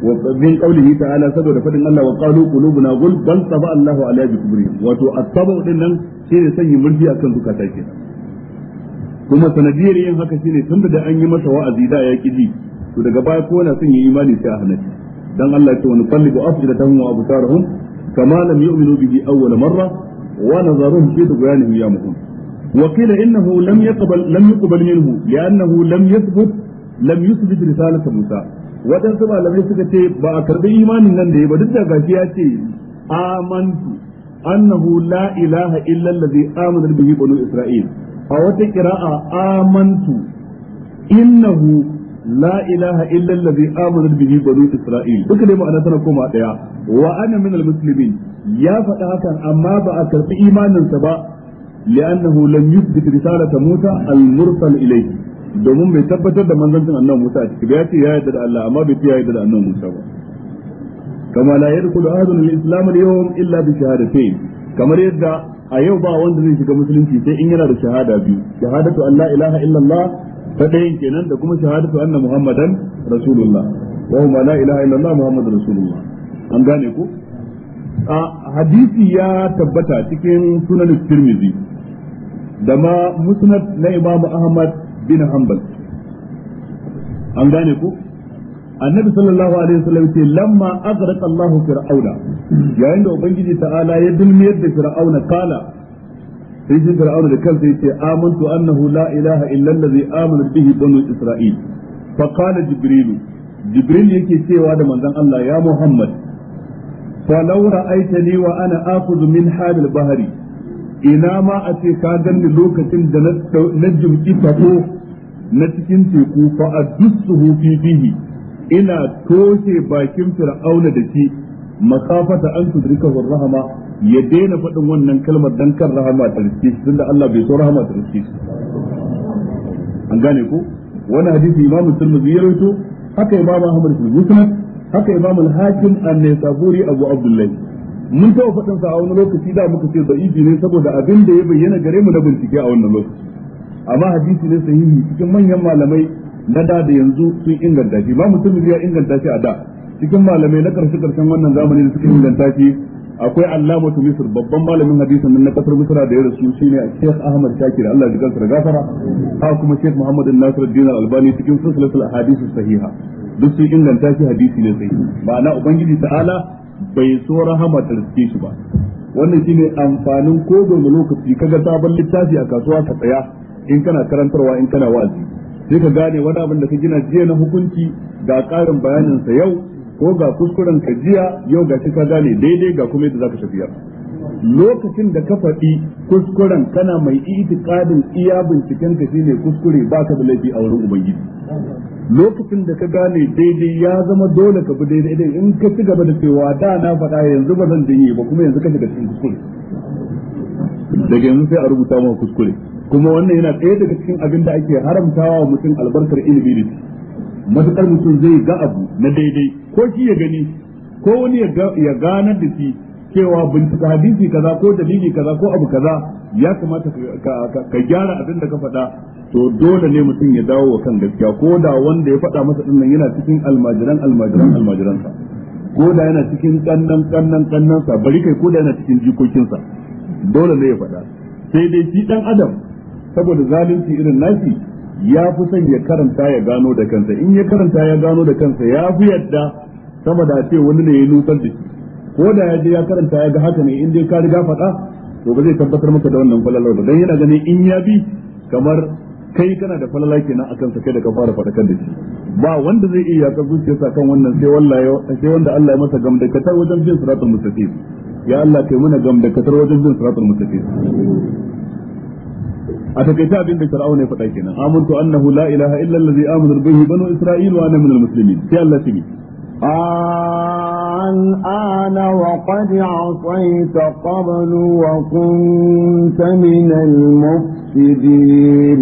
ومن قوله تعالى سبب فدن الله وقالوا قلوبنا غل بل طبع الله على بكبرهم وتو الطبع دينن شيء سنyi murfi akan zukata kenan kuma sanadiyar yin haka shine tun da an yi masa wa'azi da ya kiji to daga baya ko na son yi imani sai a halaci dan Allah ya ce wani qallibu afsidatahum wa absarahum kama وقيل انه لم يقبل لم يقبل منه لانه لم يثبت لم يثبت رساله موسى waɗansu malamai suka ce ba a karɓi imanin nan da ya ba duk da gashi ya ce amantu annahu la ilaha illa allazi amana bihi banu isra'il a wata qira'a amantu innahu la ilaha illa allazi amana bihi banu isra'il duka dai ma'ana tana koma daya wa ana min almuslimin ya faɗa hakan amma ba a karɓi imaninsa ba لأنه لم يثبت رسالة al-mursal إليه domin bai tabbatar da manzancin annabi Musa a cikin ba ya ce ya yarda da Allah amma bai ce ya yarda da annabi Musa ba kama la yadkhulu ahadun al-islam al-yawm illa bi shahadatayn kamar yadda a yau ba wanda zai shiga musulunci sai in yana da shahada biyu shahadatu an la ilaha illallah ta ɗayan kenan da kuma shahadatu anna muhammadan rasulullah wa huma la ilaha illallah muhammadan rasulullah an gane ku a hadisi ya tabbata cikin sunan tirmidhi da ma musnad na imamu ahmad bin hanbal an gane ku annabi sallallahu alaihi wasallam ce lamma azraqa Allah fir'auna yayin da ubangiji ta'ala ya dulmiyar da fir'auna kala sai shi fir'auna da kansa yace amantu annahu la ilaha illa allazi amana bihi banu isra'il fa qala jibril jibril yake cewa da manzon Allah ya muhammad fa law ra'aitani wa ana akhudhu min hadal bahri ina ma a ce ka ganni lokacin da na jumki fako na cikin teku fa a adussuhu fi fihi ina toshe bakin fir'auna da shi makafata an tudrika wa rahama ya daina faɗin wannan kalmar dan kan rahama ta riske shi tunda Allah bai so rahama ta riske shi an gane ko wani hadisi imam tirmidhi ya rawaito haka imam ahmad bin musnad haka imam al-hakim an-naisaburi abu abdullahi mun tawo faɗin sa a wani lokaci da muka ce da'ibi ne saboda abin da ya bayyana gare mu na bincike a wannan lokaci amma hadisi ne sahihi cikin manyan malamai na da da yanzu sun inganta shi ba mutum ya inganta shi a da cikin malamai na karshe karshen wannan zamani da suka inganta shi akwai Allama tu Misr babban malamin hadisin nan na kasar Misra da ya rasu shine Sheikh Ahmad Shakir Allah ya kansa gafara ha kuma Sheikh Muhammad Nasiruddin Al-Albani cikin silsilatul ahadith sahiha duk sun inganta shi hadisi ne sahihi ma'ana ubangiji ta'ala bai so rahama ta rike shi ba wannan shine amfanin ko da lokaci kaga sabon littafi a kasuwa ka tsaya in kana karantarwa in kana wa'azi sai ka gane wani abin da ka gina jiya na hukunci ga ƙarin bayanin sa yau ko ga kuskuren ka jiya yau ga shi ka gane daidai ga kuma yadda za ka tafiya lokacin da ka faɗi kuskuren kana mai itikadin iya binciken ka shine kuskure ba ka da a wurin ubangiji lokacin da ka gane daidai ya zama dole ka bi daidai in ka ci gaba da cewa da na faɗa yanzu ba zan janye ba kuma yanzu ka shiga cikin kuskure daga yanzu sai a rubuta maka kuskure kuma wannan yana ɗaya daga cikin abin da ake haramtawa wa mutum albarkar ilimi ne matukar mutum zai ga abu na daidai ko shi ya gani ko wani ya gane da shi cewa bincika hadisi kaza ko dalili kaza ko abu kaza ya kamata ka gyara abin da ka faɗa to dole ne mutum ya dawo wa kan gaskiya ko da wanda ya faɗa masa ɗinnan yana cikin almajiran almajiran almajiransa ko da yana cikin kannan kannan kannansa bari kai ko da yana cikin jikokinsa dole ne ya faɗa sai dai shi ɗan adam saboda zalunci irin nashi ya fi son ya karanta ya gano da kansa in ya karanta ya gano da kansa ya fi yadda sama da ce wani ne ya nutsar da shi ko da ya je ya karanta ya ga haka ne in dai ka riga faɗa to ba zai tabbatar maka da wannan falalar ba dan yana ganin in ya bi kamar kai kana da falala kenan akan sa kai da ka fara faɗakar da shi ba wanda zai iya yakar zuciyarsa kan wannan sai wallahi sai wanda Allah ya masa gamdakatar wajen bin siratul mustaqim ya Allah kai mana gamdakatar wajen bin siratul mustaqim a takaice abin da fir'auna ya faɗa kenan amantu annahu la ilaha illa allazi amana bihi banu isra'il wa ana minal muslimin sai Allah tibi الآن وقد عصيت قبل وكنت من المفسدين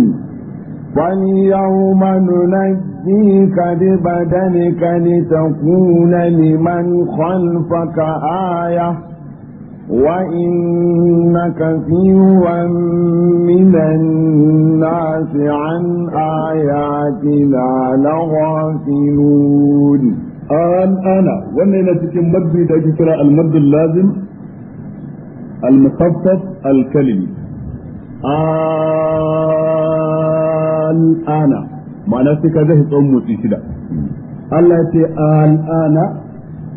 فاليوم ننجيك ببدنك لتكون لمن خلفك آية وإن كثيرا من الناس عن آياتنا لغافلون آن أنا وأنا تكن مد إذا المد اللازم المخفف الكلمي آن أنا ما كذا تصوم شدة Allah ce al'ana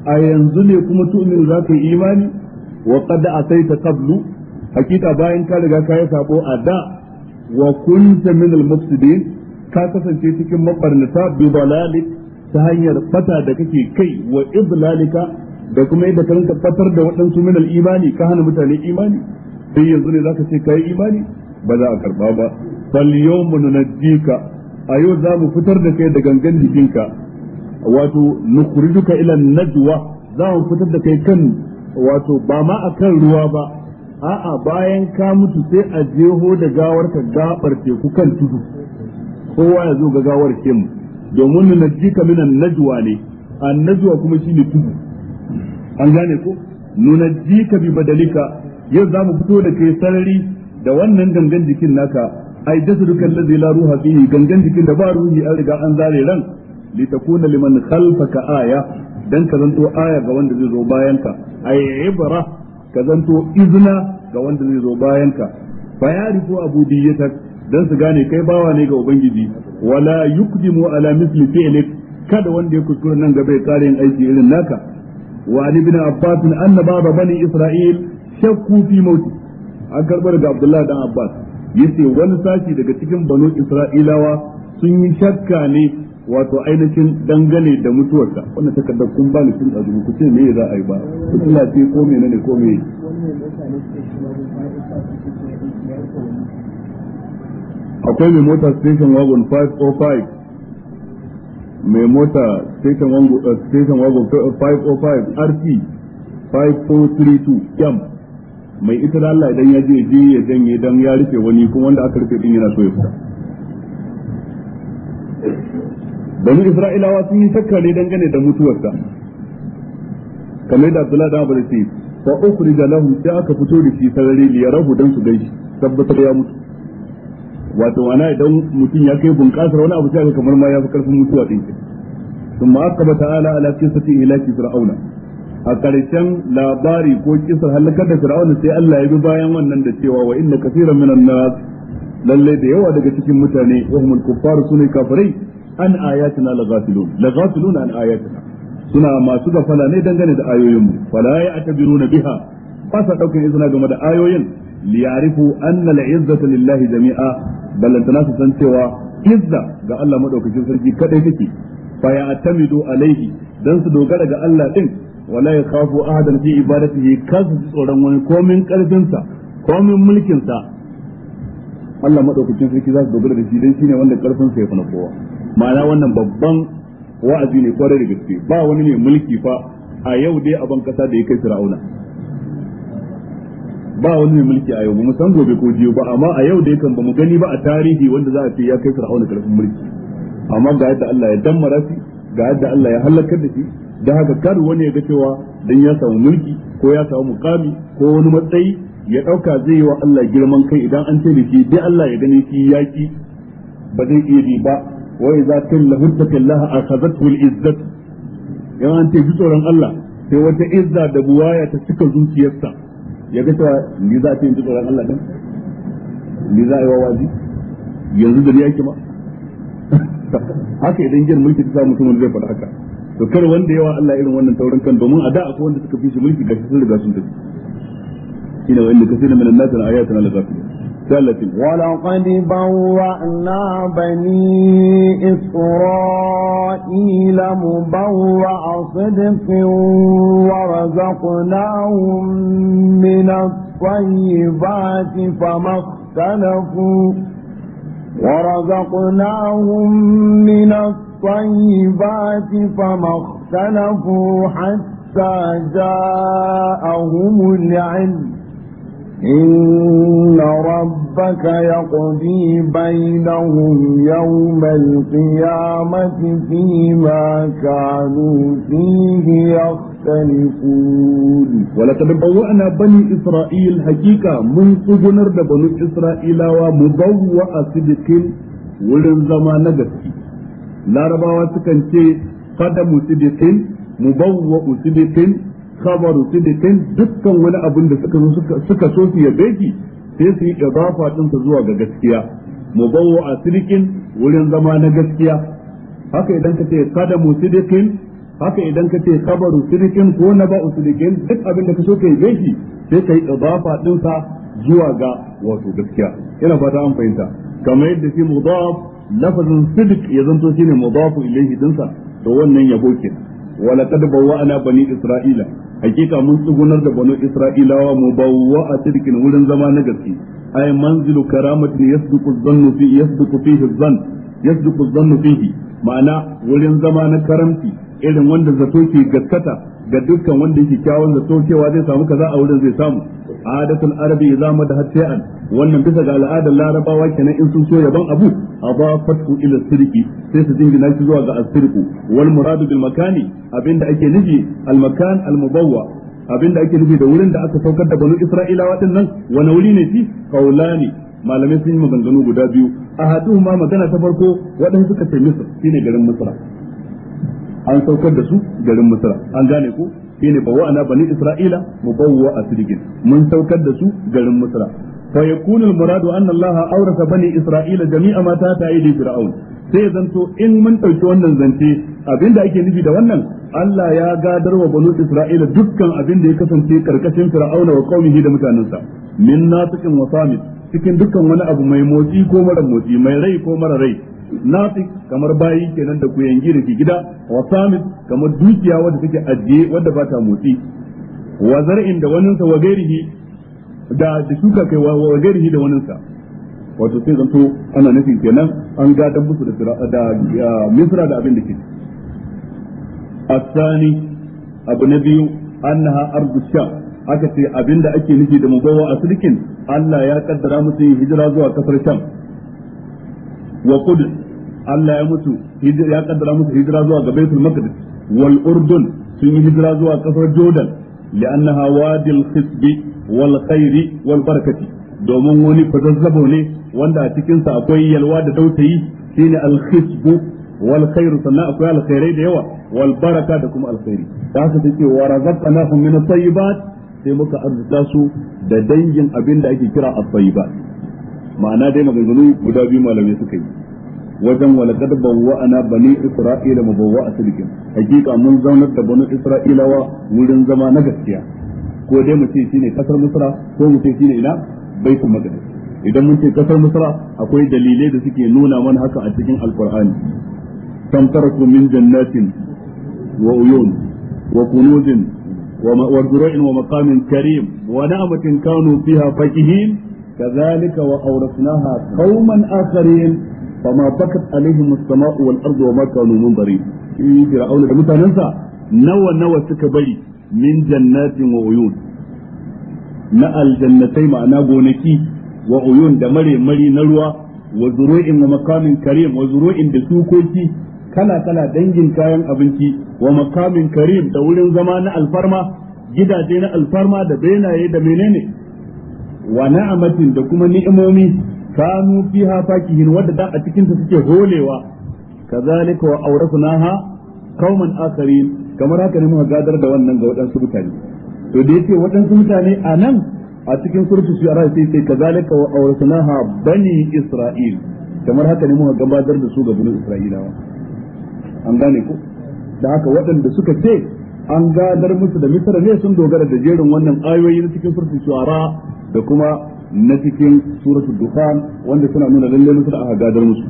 آن yanzu ne kuma tu'minu za wa qad asaita tablu hakika bayan ka riga ka yi sabo a da wa kunta min al mufsidin ka kasance cikin mabarnata bi dalalik ta hanyar fata da kake kai wa idlalika da kuma yadda ka rinka da waɗansu min imani ka hana mutane imani sai yanzu ne zaka ce kai imani ba za a karba ba fal yawmu nunajjika a yau za mu fitar da kai da gangan jikinka wato nukhrijuka ila najwa za mu fitar da kai kan wato ba ma akan ruwa ba a'a bayan ka mutu sai a jeho da gawar ka gabar teku kan tudu kowa ya zo ga gawar kemu domin na jika minan najuwa ne an najuwa kuma shine tudu an gane ko nuna jika bi badalika yau za mu fito da kai sarari da wannan gangan jikin naka ai dasu ladzi la ruha fiye gangan jikin da ba ruhi an riga an zare ran litakuna liman khalfaka aya dan ka zanto aya ga wanda zai zo bayanka ay ibra ka zanto izna ga wanda zai zo bayanka fa yarifu abudiyatak dan su gane kai bawa ne ga ubangiji wala yukdimu ala misli fi'lik kada wanda ya kuskura nan gaba ya kare aiki irin naka wa ali bin abbas anna baba bani isra'il shakku fi mauti an karbar da abdullahi dan abbas yace wani sashi daga cikin banu isra'ilawa sun yi shakka ne wato ainihin dangane da mutuwarsa wannan takardar kun ba ni tun a ku ce me za a yi ba ku ce ko ne ko me akwai mai mota station wagon 505 mai mota station wagon 505 rt 5432 yam mai ita da Allah idan ya je je ya janye dan ya rufe wani kuma wanda aka rufe din yana so ya fita Bani isra'ilawa sun yi shakka dangane da mutuwarsa kamar yadda abdullahi da abu da ce fa da lahum sai aka fito da shi sarari ya rahu don su gaishe tabbatar ya mutu wato ana idan mutum ya kai bunƙasar wani abu sai kamar ma ya fi karfin mutuwa din shi ثم أقبل تعالى على قصة إهلاك فرعون a ƙarshen labari ko kisar halakar da fir'auna sai Allah ya bi bayan wannan da cewa wa inna kaseeran minan nas lallai da yawa daga cikin mutane wa humul kuffaru sunai kafirai an ayatina laghafilun laghafilun an ayatina suna masu gafala ne dangane da ayoyin mu fala ya'tabiruna biha ba sa ɗaukan izina game da ayoyin liyarifu anna al-izzata lillahi jami'a ballantana su san cewa izza ga Allah madaukakin sarki kadai take fa ya'tamidu alaihi dan su dogara ga Allah din wala yakhafu ahadan fi ibadatihi kasu tsoron wani komin karfin komin mulkinsa? Allah madaukakin sarki za su dogara da shi dan shine wanda karfin ya fi kowa ma'ana wannan babban wa'azi ne kwarai da gaske ba wani ne mulki fa a yau dai a ban kasa da ya kai fir'auna ba wani ne mulki a yau ba mu san gobe ko jiyo ba amma a yau dai kan ba mu gani ba a tarihi wanda za a ce ya kai fir'auna karfin mulki amma ga yadda Allah ya dammara shi ga yadda Allah ya halakar da shi da haka kar wani ya ga cewa dan ya samu mulki ko ya samu mukami ko wani matsayi ya dauka zai yi wa Allah girman kai idan an ce da shi dai Allah ya gani shi yaki ba zai iya ba za wa idza qila a akhadhathu al-izzat yawan ta ji tsoron Allah sai wata izza da buwaya ta cika zuciyarsa ya ga cewa ni za ta yi tsoron Allah dan ni za a yi wa yanzu da ni yake ma haka idan jin mulki ta samu mutum zai faɗa haka to kar wanda yawa Allah irin wannan taurin kan domin a da akwai wanda suka fi shi mulki gashi sun riga sun tafi ina wa inda kasina min annas al-ayatin al-ghafil ثلاثين ولقد بوأنا بني إسرائيل مبوأ صدق ورزقناهم من الطيبات فما اختلفوا ورزقناهم من الطيبات فما اختلفوا حتى جاءهم العلم إن ربك يقضي بينهم يوم القيامة فيما كانوا فيه يختلفون ولقد بوأنا بني إسرائيل حقيقة من سجنر بني إسرائيل ومضوع صدق ولن زمان نجسي لا ربا وسكن شيء قدم صدق مبوأ صدق da kan dukkan wani abin da suka suka so su yabe ki sai su yi idafa din zuwa ga gaskiya mubawwa sidqin wurin zama na gaskiya haka idan ka ce qadamu sidqin haka idan ka ce sabaru sidqin ko na ba sidqin duk abin da ka so kai yabe ki sai ka yi idafa din sa zuwa ga wato gaskiya ina fata an fahimta kamar yadda shi mudaf lafazin sidik ya zanto shine mudafu ilayhi dinsa to wannan yabo Wala ولقد بوأنا بني إسرائيل hakika mun tsugunar da banu isra'ilawa mu bawwa a sirkin wurin zama na gaske ay manzilu karamatin yasduqu dhannu fi yasduqu fihi dhann yasduqu dhannu fihi ma'ana wurin zama na karamti irin wanda zato ke gaskata ga dukkan wanda yake kyawun zato cewa zai samu kaza a wurin zai samu adatul arabi idza madaha shay'an wannan bisa ga al'adar larabawa kenan in sun so yaban abu adafatu ila sirqi sai su jingina shi zuwa ga asirku wal muradu bil makani abinda ake nufi al makan al mubawwa abinda ake nufi da wurin da aka saukar da banu isra'ilawa din nan wani wuri ne shi qaulani malamai sun yi maganganu guda biyu a ma magana ta farko waɗanda suka ce shi shine garin misra an saukar da su garin Misra an gane ko shine ana bani Isra'ila mubawwa sidqin mun saukar da su garin Misra fa yakunu al-muradu anna Allah awrasa bani Isra'ila jami'a mata ta ta'idi fir'aun sai zanto in mun dauki wannan zance abinda ake nufi da wannan Allah ya gadar wa banu Isra'ila dukkan abin da ya kasance karkashin fir'auna wa qaumihi da mutanansa min natiqin wa samit cikin dukkan wani abu mai motsi ko mara motsi mai rai ko mara rai nasik kamar bayi kenan da ku yangi da ke gida wa samit kamar dukiya wadda take ajiye wadda ba ta motsi wa zar'in da waninsa wa gairihi da da shuka kai wa gairihi da sa wato sai zanto ana nufin kenan an dan musu da da misra da abin da ke asani abu na biyu annaha ardu sha aka ce abinda ake nufi da mugawa a sulkin. Allah ya kaddara musu hijira zuwa kasar sham wa kudus Allah ya mutu ya kaddara musu hijira zuwa ga Baitul Maqdis wal Urdun sun yi hijira zuwa kasar Jordan li'annaha wadil khisbi wal khairi wal barakati domin wani fazazzabo ne wanda a cikin sa akwai yalwa da dautayi shine al khisbu wal khairu sannan akwai al khairai da yawa wal baraka da kuma al khairi da haka take wa razaqnahum min at sai muka arzuta su da dangin abin da ake kira at-tayyibat ma'ana dai maganganu guda biyu malamai suka yi wajen walaqad ana bani isra'ila mabawwa'a sidqin hakika mun zaunar da bani isra'ilawa wurin zama na gaskiya ko dai mu ce shine kasar misra ko mu ce shine ina baitul maqdis idan mun ce kasar misra akwai dalilai da suke nuna mana haka a cikin alqur'ani kam min jannatin wa uyun wa kunuzin wa zuru'in wa maqamin karim wa na'matin kanu fiha fakihin كذلك وأورثناها قوما آخرين فما بكت عليهم السماء والارض وما كانوا منظرين في فرعون da mutanensa nawa nawa suka bari min jannatin wa uyun na aljannatai ma'ana gonaki wa da mare na ruwa wa zuru'in wa makamin karim wa zuru'in da sukoki kala kala dangin kayan abinci wa makamin karim da wurin zama na alfarma gidaje na alfarma da benaye da menene wa na'amatin da kuma ni'imomi kanu fiha fakihin wadda da a cikin ta suke holewa kazalika wa awrasnaha qauman akharin kamar haka ne muka gadar da wannan ga waɗansu mutane to da yake waɗansu mutane a nan a cikin surtu ara sai sai kazalika wa awrasnaha bani isra'il kamar haka ne muka gabatar da su ga bani isra'ilawa an gane ku. da haka waɗanda suka ce an gadar musu da misra ne sun dogara da jerin wannan ayoyi na cikin surtu ara da kuma na cikin suratul dukhan wanda suna nuna lalle musu da aka gadar musu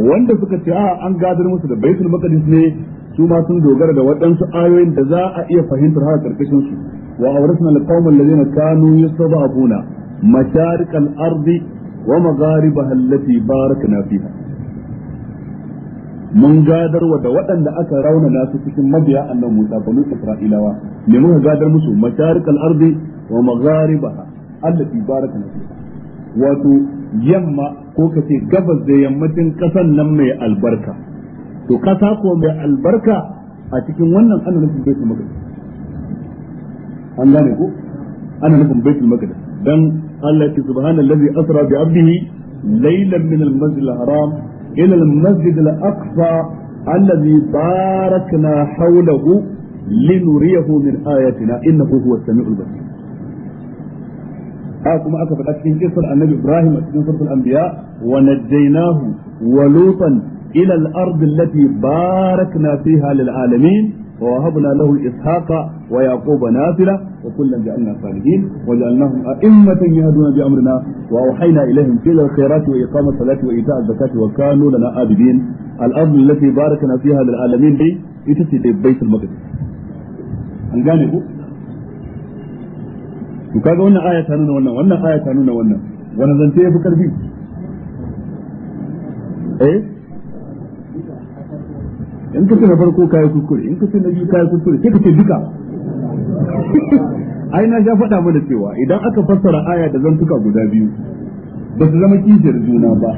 wanda suka ce a an gadar musu da baitul maqdis ne su ma sun dogara da waɗansu ayoyin da za a iya fahimtar har karkashin su wa awrasna alqawmal ladina kanu yastad'afuna masharik ardi wa magharibaha allati barakna fiha mun gadarwa da waɗanda aka rauna nasu cikin mabiya annabi Musa banu Isra'ilawa ne muka gadar musu masharik al-ardi wa magharibaha allati baraka fiha wato yamma ko ka ce gabas da yammacin ƙasan nan mai albarka to kasa ko mai albarka a cikin wannan ana nufin baitul maqdis an gane ko ana nufin baitul maqdis dan Allah ya subhanallazi asra bi abdihi laylan min al-masjid al-haram ila al-masjid al-aqsa alladhi barakna hawlahu linuriyahu min ayatina innahu huwa as-sami'ul basir a kuma aka faɗa cikin kisar annabi Ibrahim a cikin surtul anbiya wa najjaynahu wa lutan ila al-ard allati barakna fiha lil alamin wa wahabna lahu ishaqa wa yaquba nafila wa kullan ja'alna salihin wa ja'alnahum a'immatan yahduna bi amrina wa awhayna ilayhim fil khairati wa iqamat salati wa ita'i zakati wa kanu lana abidin al-ard allati barakna fiha lil alamin dai ita ce dai baitul maqdis an gane ku to kaga wannan aya ta nuna wannan wannan aya ta nuna wannan wannan zance yafi karfi eh in ka ce na farko kai kuskure in ka ce na biyu kai kuskure sai ka ce duka ai na ja faɗa mana cewa idan aka fassara aya da zantuka guda biyu ba su zama kishiyar juna ba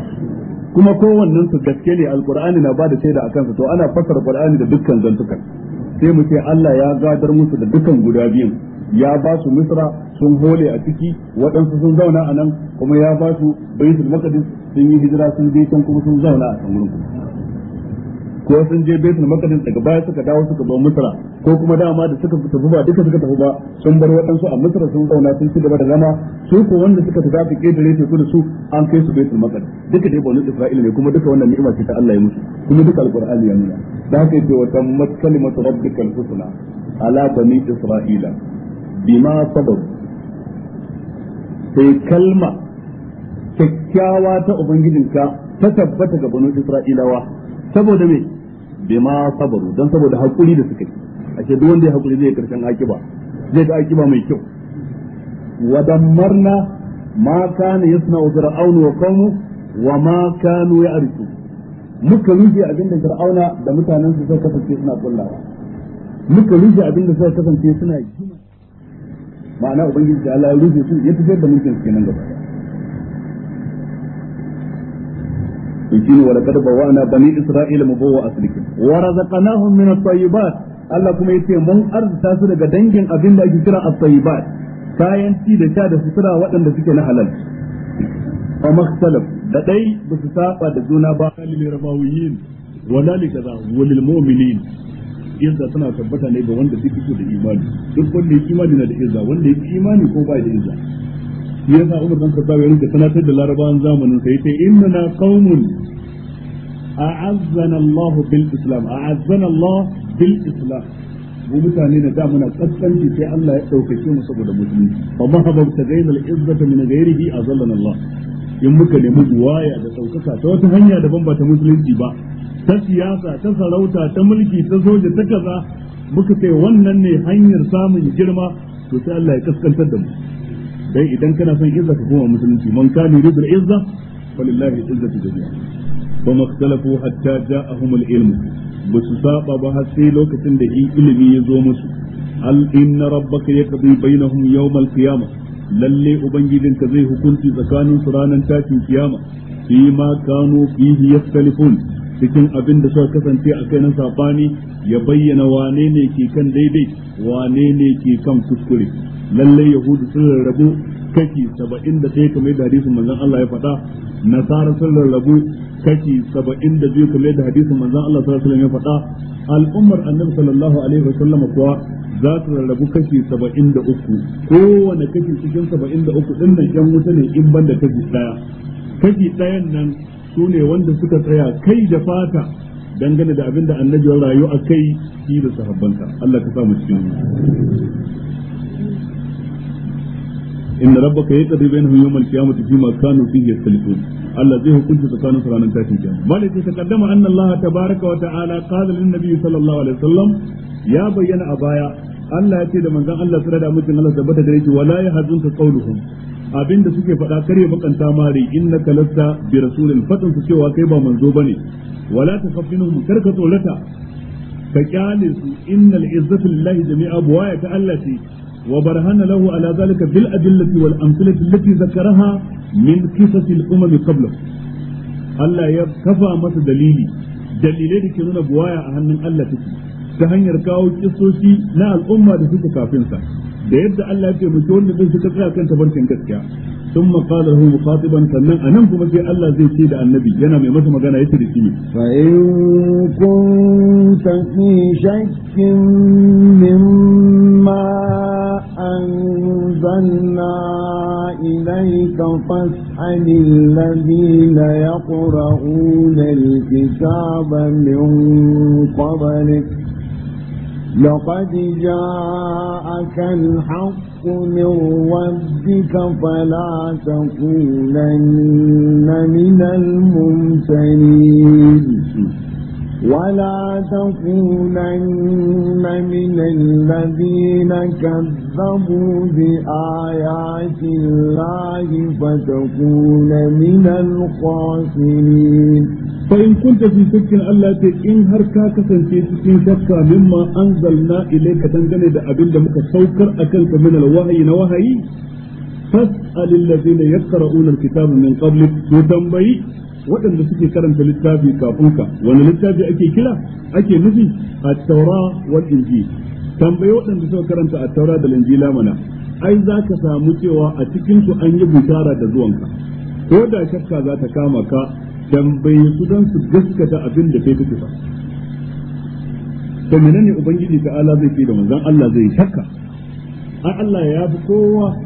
kuma kowannen su gaske ne alkur'ani na bada shaida a kansa, to ana fassara qur'ani da dukkan zantukan sai mu ce Allah ya gadar musu da dukan guda biyun ya ba su misra sun hole a ciki waɗansu sun zauna a nan kuma ya ba su baitul maqdis sun yi hijira sun je can kuma sun zauna a can ko sun je baitul maqdis daga baya suka dawo suka zo misra ko kuma dama da suka tafi ba duka suka tafi ba sun bar waɗansu a misra sun zauna sun ci gaba da zama su ko wanda suka tafi aka kedare teku da su an kai su baitul maqdis duka dai banu isra'ila ne kuma duka wannan ni'ima ce ta Allah ya musu kuma duka alqur'ani ya nuna da haka yace wa tammat kalimatu rabbikal husna ala bani isra'ila bima sabab sai kalma kyakkyawa ta ubangijinka ta tabbata ga banu isra'ilawa saboda me ma sabaru don saboda hakuri da suka yi a duk duwanda ya hakuri zai karshen akiba zai ga akiba mai kyau wa na ma kana wasu ra'aunu wa qawmu wa ma kanu ya'rifu muka rufe abinda fir'auna da mutanen su suka kasance suna kullawa muka rufe abinda suka kasance suna yi ma'ana ubangiji ta Allah ya rufe su ya tafiyar da mulkin su kenan gaba to shine wa laqad bawana bani isra'ila mubawwa aslikin wa razaqnahum min at-tayyibat Allah kuma yace mun arzuta su daga dangin abin da ake kira at-tayyibat kayan ci da sha da sutura waɗanda suke na halal amma salaf da dai ba su saba da juna ba lil rabawiyin wa lalika za walil mu'minin izza suna tabbata ne ga wanda duk yake da imani duk wanda yake imani na da izza wanda yake imani ko ba da izza yasa Umar dan Khattab ya rinka sanatar da Larabawan zamanin sai sai innana qaumun a'azzana Allah bil islam a'azzana Allah bil islam mu mutane na da muna kaskanci sai Allah ya ɗaukake mu saboda musulunci fa mahabba tagayna al-izzata min ghairihi azallana Allah in muka nemi buwaya da ɗaukaka ta wata hanya daban ba ta musulunci ba ta siyasa ta sarauta ta mulki ta soja ta kaza muka ce wannan ne hanyar samun girma to Allah ya kaskantar da mu dai idan kana son izza ka koma musulunci man kana yuridul izza falillahi izzatu jami'a ja a ba har sai lokacin da بسسابة بحسي لوكتن دعي علمي يزومس هل إن ربك يقضي بينهم يوم Kiyama lallai ubangijin ka zai hukunci tsakanin su ranar tashin kiyama fi ma kanu fihi yaftalifun cikin abin da suka kasance a kai na sabani ya bayyana wane ne ke kan daidai wane ne ke kan kuskure lalle yahudu sun rarrabu kashi saba'in da ɗaya kamar da hadisin manzon Allah ya faɗa nasara sun rarrabu kashi saba'in da biyu kamar yadda hadisin manzon Allah sallallahu alaihi wasallam ya faɗa al'ummar annabi sallallahu alaihi wasallam kuwa za su rarrabu kashi saba'in da uku kowane kashi cikin saba'in da uku ɗin nan ƴan wuta ne in banda kashi ɗaya kashi ɗayan nan su ne wanda suka tsaya kai da fata dangane da abin da annabi ya rayu a kai shi da sahabbanta Allah ka sa mu cikin inna rabbaka yaqdi bainahum yawm qiyamati fima kanu fihi yastalifun Allah zai hukunta tsakanin ranar tashin kiyama ta yake takaddama anna Allah tabaaraka wa ta'ala qala lin nabiy sallallahu alaihi wasallam ya bayyana a baya Allah ya ce da manzon Allah sura da mutum Allah tabbata da shi wala yahzunka qawluhum abinda suke faɗa kare bakanta mare innaka lasta bi rasulin fatan su cewa kai ba manzo bane wala takaffinuhum karka tsorata ka kyale su innal izzatu lillahi jami'a buwaya ta Allah ce wa barhana lahu ala zalika bil adillati wal zakaraha min kisatil umami qabla Allah ya kafa masa dalili dalilai da ke nuna buwaya a hannun Allah take ta hanyar kawo kisoshi na al'umma da suke kafin sa da yadda Allah ya taimaki wanda zai suka tsaya kan tabarkin gaskiya sun maƙalar hu mukhatiban sannan a nan kuma sai Allah zai ce da annabi yana mai masa magana yace da shi fa in kunta fi shakkin mimma anzalna ilayka fas'al alladhina yaqra'una alkitaba min qablik لقد جاءك الحق من ربك فلا تكونن من الممتنين ولا تكونن من الذين كذبوا بآيات الله فتكون من الخاسرين فإن كنت في شك ألا إن هركا كسنتي في شك مما أنزلنا إليك تنجني بأبن دمك سوكر أكلك من الوهي نوهي فاسأل الذين يقرؤون الكتاب من قبلك وتنبئ waɗanda suke karanta littafi kafin ka wani littafi ake kira ake nufi a taura wal injil tambayi waɗanda suka karanta a taura da Linjila mana ai za ka samu cewa a cikin su an yi bishara da zuwanka ko da shakka za ta kama ka tambayi su don su gaskata abin da kai kake to menene ubangiji ta Allah zai fi da manzon Allah zai shakka Ai Allah ya fi kowa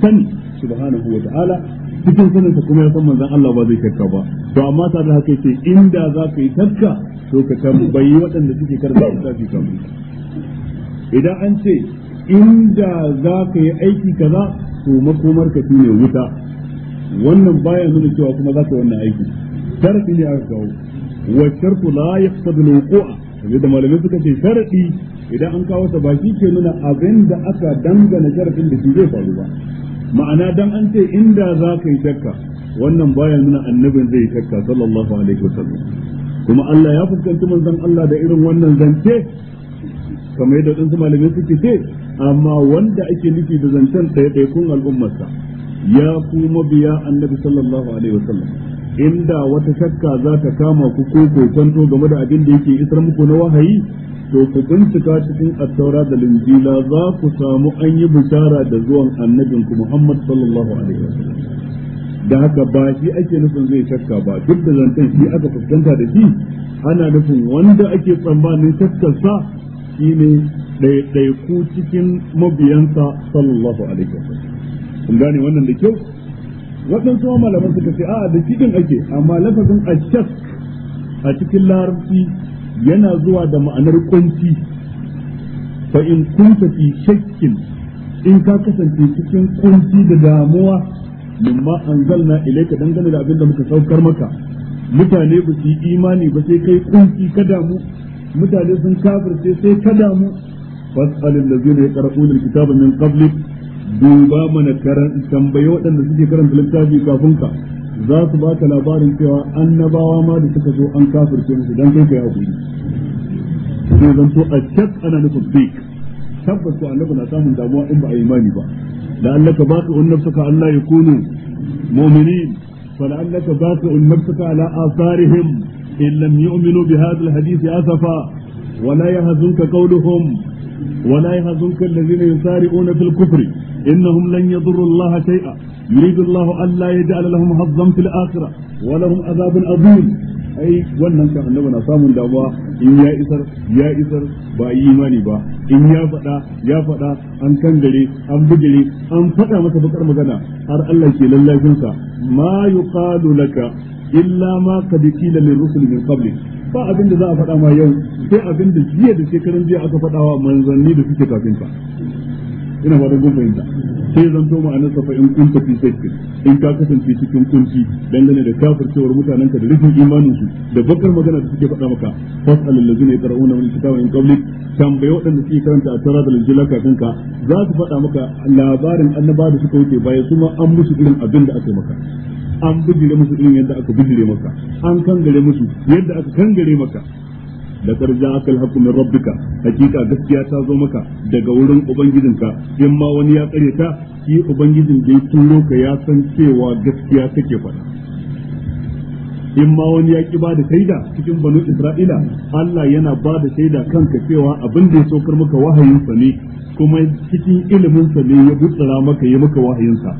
sani subhanahu wa ta'ala cikin sanin kuma ya san manzon Allah ba zai shakka ba to amma ta da haka yake inda za ka yi to ka tambayi waɗanda suke su tafi kan idan an ce inda za ka yi aiki kaza to makomar ka shine wuta wannan baya nuna cewa kuma za ka wannan aiki sharadi ne aka kawo wa shartu la yaqtadul wuqu'a kamar da malamai suka ce sharadi idan an kawo ta ba ke nuna abin da aka dangana sharadin da shi zai faru ba ma'ana dan an ce inda za ka yi shakka wannan baya nuna annabin zai yi shakka sallallahu alaihi wasallam kuma Allah ya fuskanci manzon Allah da irin wannan zance kamar yadda wadansu malamai suke ce amma wanda ake nufi da zancen kun al'ummarsa ya kuma biya annabi sallallahu alaihi wasallam inda wata shakka za ta kama ku ko kokonto game da abin da yake isar muku na wahayi to ku bincika cikin attaura da linjila za ku samu an yi bishara da zuwan annabinku Muhammad sallallahu alaihi wasallam da haka ba shi ake nufin zai shakka ba duk da zantan shi aka fuskanta da shi ana nufin wanda ake tsammanin shakkarsa shine ɗaiɗaiku cikin mabiyansa sallallahu alaihi wasallam kun gane wannan da kyau waɗansu malaman suka ce a da shi ɗin ake amma lafazin ashak a cikin larabci yana zuwa da ma'anar kunci fa in kunta fi shakkin in ka kasance cikin kunci da damuwa mimma anzalna ilayka dangane da abin da muka saukar maka mutane ba su yi imani ba sai kai kunci ka damu mutane sun kafirce sai ka damu fasal allazina yaqra'una alkitaba min qablik duba mana karan tambaye waɗanda suke karanta littafi kafin za su ba ka labarin cewa annabawa ma da suka zo an kafirce musu dan kai ka ya kuri sai zan to a shak ana nufin fake tabbas ko annabi na samun damuwa in ba a imani ba da annaka ba ka unnab suka Allah ya kunu mu'minin fa da annaka ba ka unnab suka ala asarihim in lam yu'minu bi hadha alhadith asafa wa la yahzunka qawluhum ولا يحزنك الذين يسارعون في الكفر إنهم لن يضروا الله شيئا يريد الله ألا يجعل لهم حظا في الآخرة ولهم عذاب عظيم ai wannan kan annabi na samun damuwa in ya isar ya isar ba imani ba in ya faɗa ya faɗa an kandare an bugire an faɗa masa bakar magana har Allah ke lallashin sa ma yuqalu laka illa ma kad qila lir rusul min qabli ba abin da za a faɗa ma yau sai abin da jiya da shekarun jiya aka faɗa wa manzanni da suke kafin ka ina ba da gun fahimta sai zanto ma'anar sa fa in kunta fi shakkin in ka kasance cikin kunci dangane da kafircewar mutanen ka da rufin imanin su da bakar magana da suke faɗa maka fasal allazina yaqra'una min kitaba in qablik tambaye waɗanda suke karanta a tara da lijila kafin ka za su faɗa maka labarin annaba da suka wuce baya kuma an musu irin abin da aka maka an bijire musu din yadda aka bijire maka an kangare musu yadda aka kangare maka da karja akal haqqu min rabbika hakika gaskiya ta zo maka daga wurin ubangijinka in ma wani ya tsare ta shi ubangijin da ya turo ka ya san cewa gaskiya kake faɗa in ma wani ya ki bada shaida cikin banu isra'ila Allah yana bada shaida kanka cewa abin da ya saukar maka wahayinsa ne kuma cikin iliminsa ne ya gutsura maka ya maka wahayinsa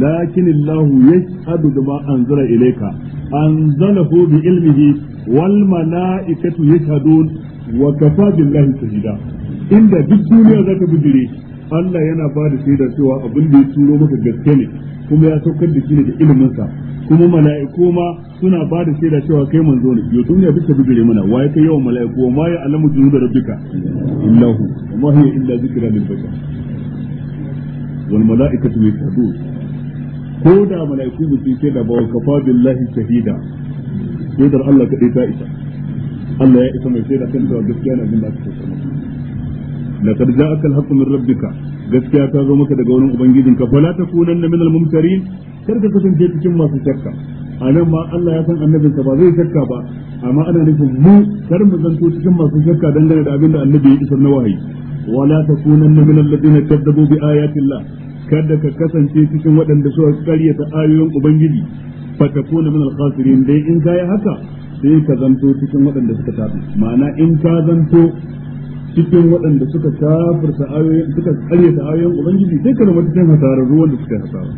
lakin Allah yashhadu bima anzala ilayka anzalahu bi ilmihi wal malaikatu yashhadun wa kafa billahi shahida inda duk duniya zaka bijire Allah yana ba da shaida cewa abin da ya turo maka gaske ne kuma ya saukar da shi ne da iliminsa kuma mala'iku ma suna ba da shaida cewa kai manzo ne yo duniya duka bigire mana waye kai yawan mala'iku ma ya alamu illa wal ko da malaiku ba su yi da ba kafa billahi shahida shaidar Allah kadai ta isa Allah ya isa mai shaida kan cewa gaskiya na jin da aka tsara maka laqad ja'aka al-haqq min rabbika gaskiya ta zo maka daga wurin ubangijinka fala takuna min al-mumtarin kar ka kasance cikin masu shakka a nan ma Allah ya san annabin ba zai shakka ba amma ana nufin mu kar mu zanto cikin masu shakka dangane da abin da annabi ya isar na wahayi wala takunanna min alladhina kadzabu bi ayatillah kada ka kasance cikin waɗanda suka ta ayoyin ubangiji fatakuna min al-khasirin dai in kai haka sai ka zanto cikin waɗanda suka tafi ma'ana in ka zanto cikin waɗanda suka kafirta ayoyin suka karyata ayoyin ubangiji sai ka zama cikin hasararru wanda suka hasara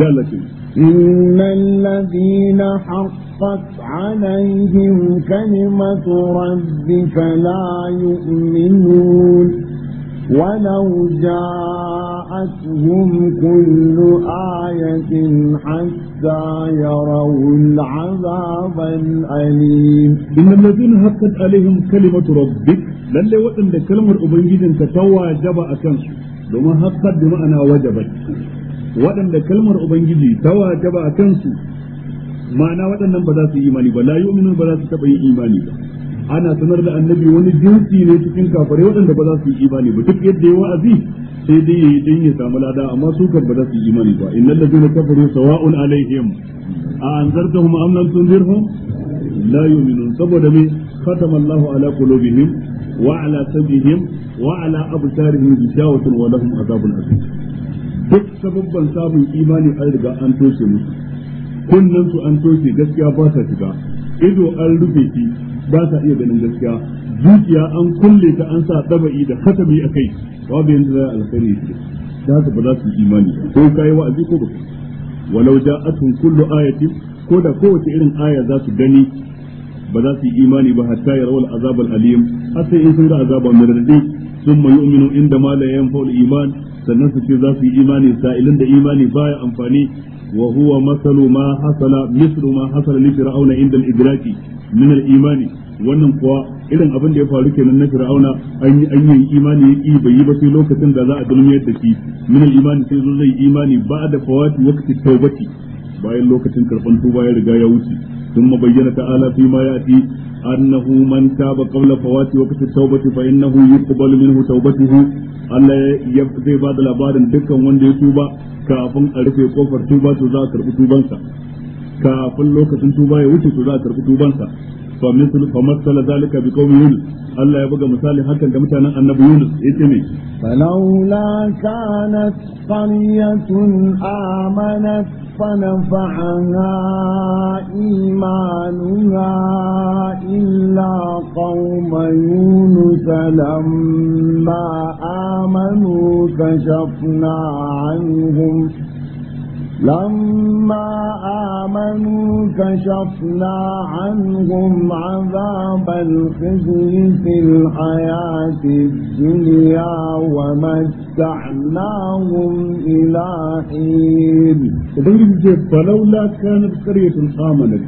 da Allah ce إن الذين حقت عليهم كلمة ربك لا يؤمنون ولو جاءتهم كل آية حتى يروا العذاب الأليم إن الذين حقت عليهم كلمة ربك للي وإن كلمة أبنجد تتوى جبأ كنس لما حقت بمعنى وجبت waɗanda kalmar Ubangiji ta wajaba a kansu ma'ana waɗannan ba za su yi imani ba la yu'minu ba za su taɓa yin imani ba ana sanar da annabi wani jinsi ne cikin kafare waɗanda ba za su yi imani ba duk yadda ya wa'azi sai dai yayi dan ya samu lada amma su kan ba za su yi imani ba innal ladina kafaru sawa'un alaihim a anzartahum am lam tunzirhum la yu'minun saboda me khatama Allahu ala qulubihim wa ala sam'ihim wa ala absarihim bishawatun wa lahum adhabun azim duk sababban samun imani an riga an toshe musu kunnen su an toshe gaskiya ba sa shiga ido an rufe shi ba sa iya ganin gaskiya zuciya an kulle ta an sa daba'i da katami a kai babu yanda za a alkhairi da haka ba za su yi imani ko kai wa'azi ko ba walau ja'atun kullu ayatin ko da kowace irin aya za su gani ba za su yi imani ba hatta ya rawar azabal alim har sai in sun ga azaba mai radadi sun mai yu'minu inda ma la yanfa'ul iman sannan su ce za su yi imani sa'ilin da imani baya amfani وهو مثل ما حصل مثل ما حصل لفرعون عند الإدراك من الإيمان wannan kuwa irin abin da ya faru kenan na fir'auna an yi an yi imani ya ki bai yi ba sai lokacin da za a dulmiyar da shi min imani sai zo zai imani ba da fawati waqti tawbati bayan lokacin karban tuba ya riga ya wuce ثم بين تعالى فيما يأتي أنه من تاب قبل فوات وقت التوبة فإنه Allah ya zai ba da labarin dukkan wanda ya tuba. kafin a rufe kofar tuba to za a karbi tubansa kafin lokacin tuba ya wuce to za a karbi tubansa فمثل فمثل ذلك بقوم يونس الله يبقى مثال حكا كمثال النبي يونس اسمي إيه فلولا كانت قرية آمنت فنفعها إيمانها إلا قوم يونس لما آمنوا كشفنا عنهم لما آمنوا كشفنا عنهم عذاب الخزي في الحياة الدنيا ومتعناهم إلى حين وبنجد فلولا كانت قرية آمنت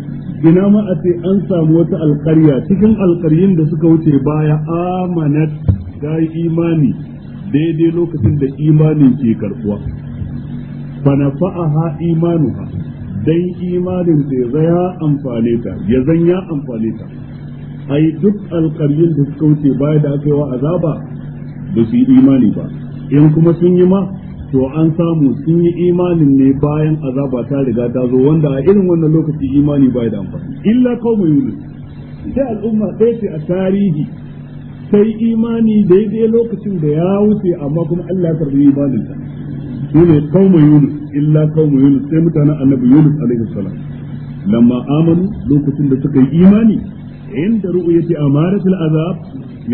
ina ma a ce an samu wata alkarya cikin alkaryun da suka wuce baya amanat ta yi imani daidai lokacin da imani ke karbuwa Bana fanafa'aha imanuha dan imanin da ya ya amfane ta ya zan amfane ta ai duk alƙaryun da suka wuce baya da aka yi wa azaba ba su yi imani ba in kuma sun yi ma to an samu sun yi imanin ne bayan azaba ta riga ta zo wanda a irin wannan lokaci imani baya da amfani illa qaumu yunus sai al'umma ɗaya ce a tarihi sai imani daidai lokacin da ya wuce amma kuma Allah ya karbi imanin su ne kauma yunus illa kauma yunus sai mutanen annabi yunus alaihi salam lamma amanu lokacin da suka yi imani inda ru'yati amaratul azab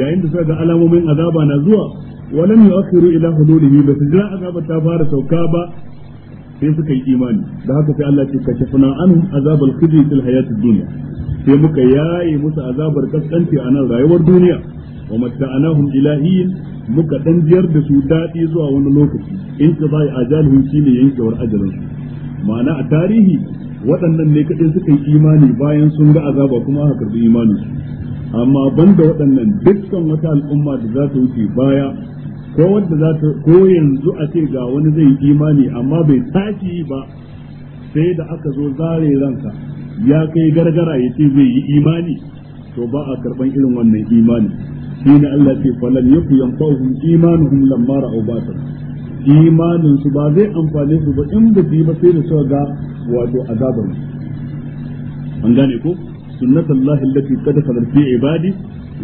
yayin da suka ga alamomin azaba na zuwa walam yu'akhiru ila hududihi ba su jira azaba ta fara sauka ba sai suka yi imani da haka sai Allah ya ce kashafna anhum azabal khizy fil hayatid dunya sai muka yaye musu azabar kaskanci a nan rayuwar duniya wa matta'anahum ilahiyin muka dan jiyar da su daɗi zuwa wani lokaci in ka bai ajalhum shine yankewar ajalin su ma'ana a tarihi waɗannan ne kaɗai suka yi imani bayan sun ga azaba kuma aka karbi imanin su amma banda waɗannan dukkan wata al'umma da za ta wuce baya ko yanzu a ce ga wani zai imani amma bai tashi ba sai da aka zo zare ranka ya kai gargara ya ce zai yi imani to ba a karban irin wannan imani shine Allah ce falan yaku yanfa'uhum imanuhum lamma ra'u basan imanin su ba zai amfane su ba in ba su yi ba sai da suka ga wato azabar an gane ko sunnatullahi allati qad khalat fi ibadi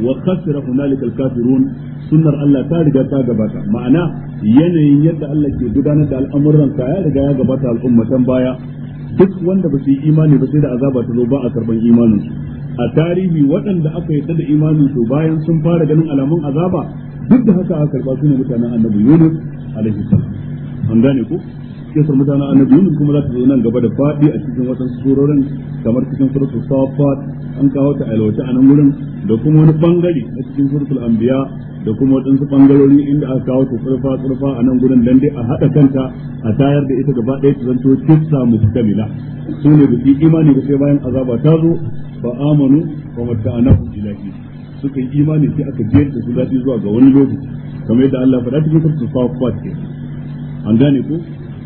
wa khasira hunalika al-kafirun sunnar Allah ta riga ta gabata ma'ana yanayin yadda Allah ke gudanar da al'amuran sa ya riga ya gabata al'ummatan baya duk wanda ba su yi imani ba sai da azaba ta zo ba a karban imanin a tarihi waɗanda aka yarda da imanin su bayan sun fara ganin alamun azaba duk da haka aka karba su ne mutanen annabi Yunus alaihi salam an gane ko kisar mutanen annabi yunus kuma za ta zo nan gaba da faɗi a cikin wasan surorin kamar cikin suratul safat an kawo ta alwace a nan wurin da kuma wani bangare a cikin suratul anbiya da kuma wadansu bangarori inda aka kawo ta tsirfa tsirfa a nan gurin dan dai a haɗa kanta a tayar da ita gaba ɗaya ta zanto kissa mustamila su ne da imani da sai bayan azaba ta zo ba amanu wa matta'anahu ilahi suka yi imani sai aka biyar da su daɗi zuwa ga wani lokaci kamar yadda Allah faɗa cikin suratul safat ke an gane ko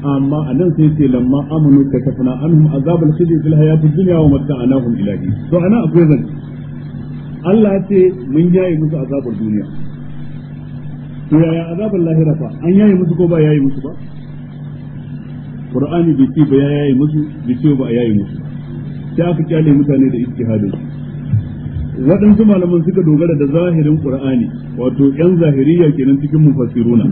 amma a nan sai ce lamma amanu ka kafna anhum azab al-khizy fil hayati dunya wa mata'anahum ilahi to ana akwai zan Allah ya ce mun yayi musu zabar duniya to yaya zabar lahira fa an yayi musu ko ba yi musu ba Qur'ani bai ce ba yayi musu bai ce ba yayi musu sai aka kyale mutane da ijtihadin waɗansu malaman suka dogara da zahirin qur'ani wato yan zahiriya kenan cikin mufassiruna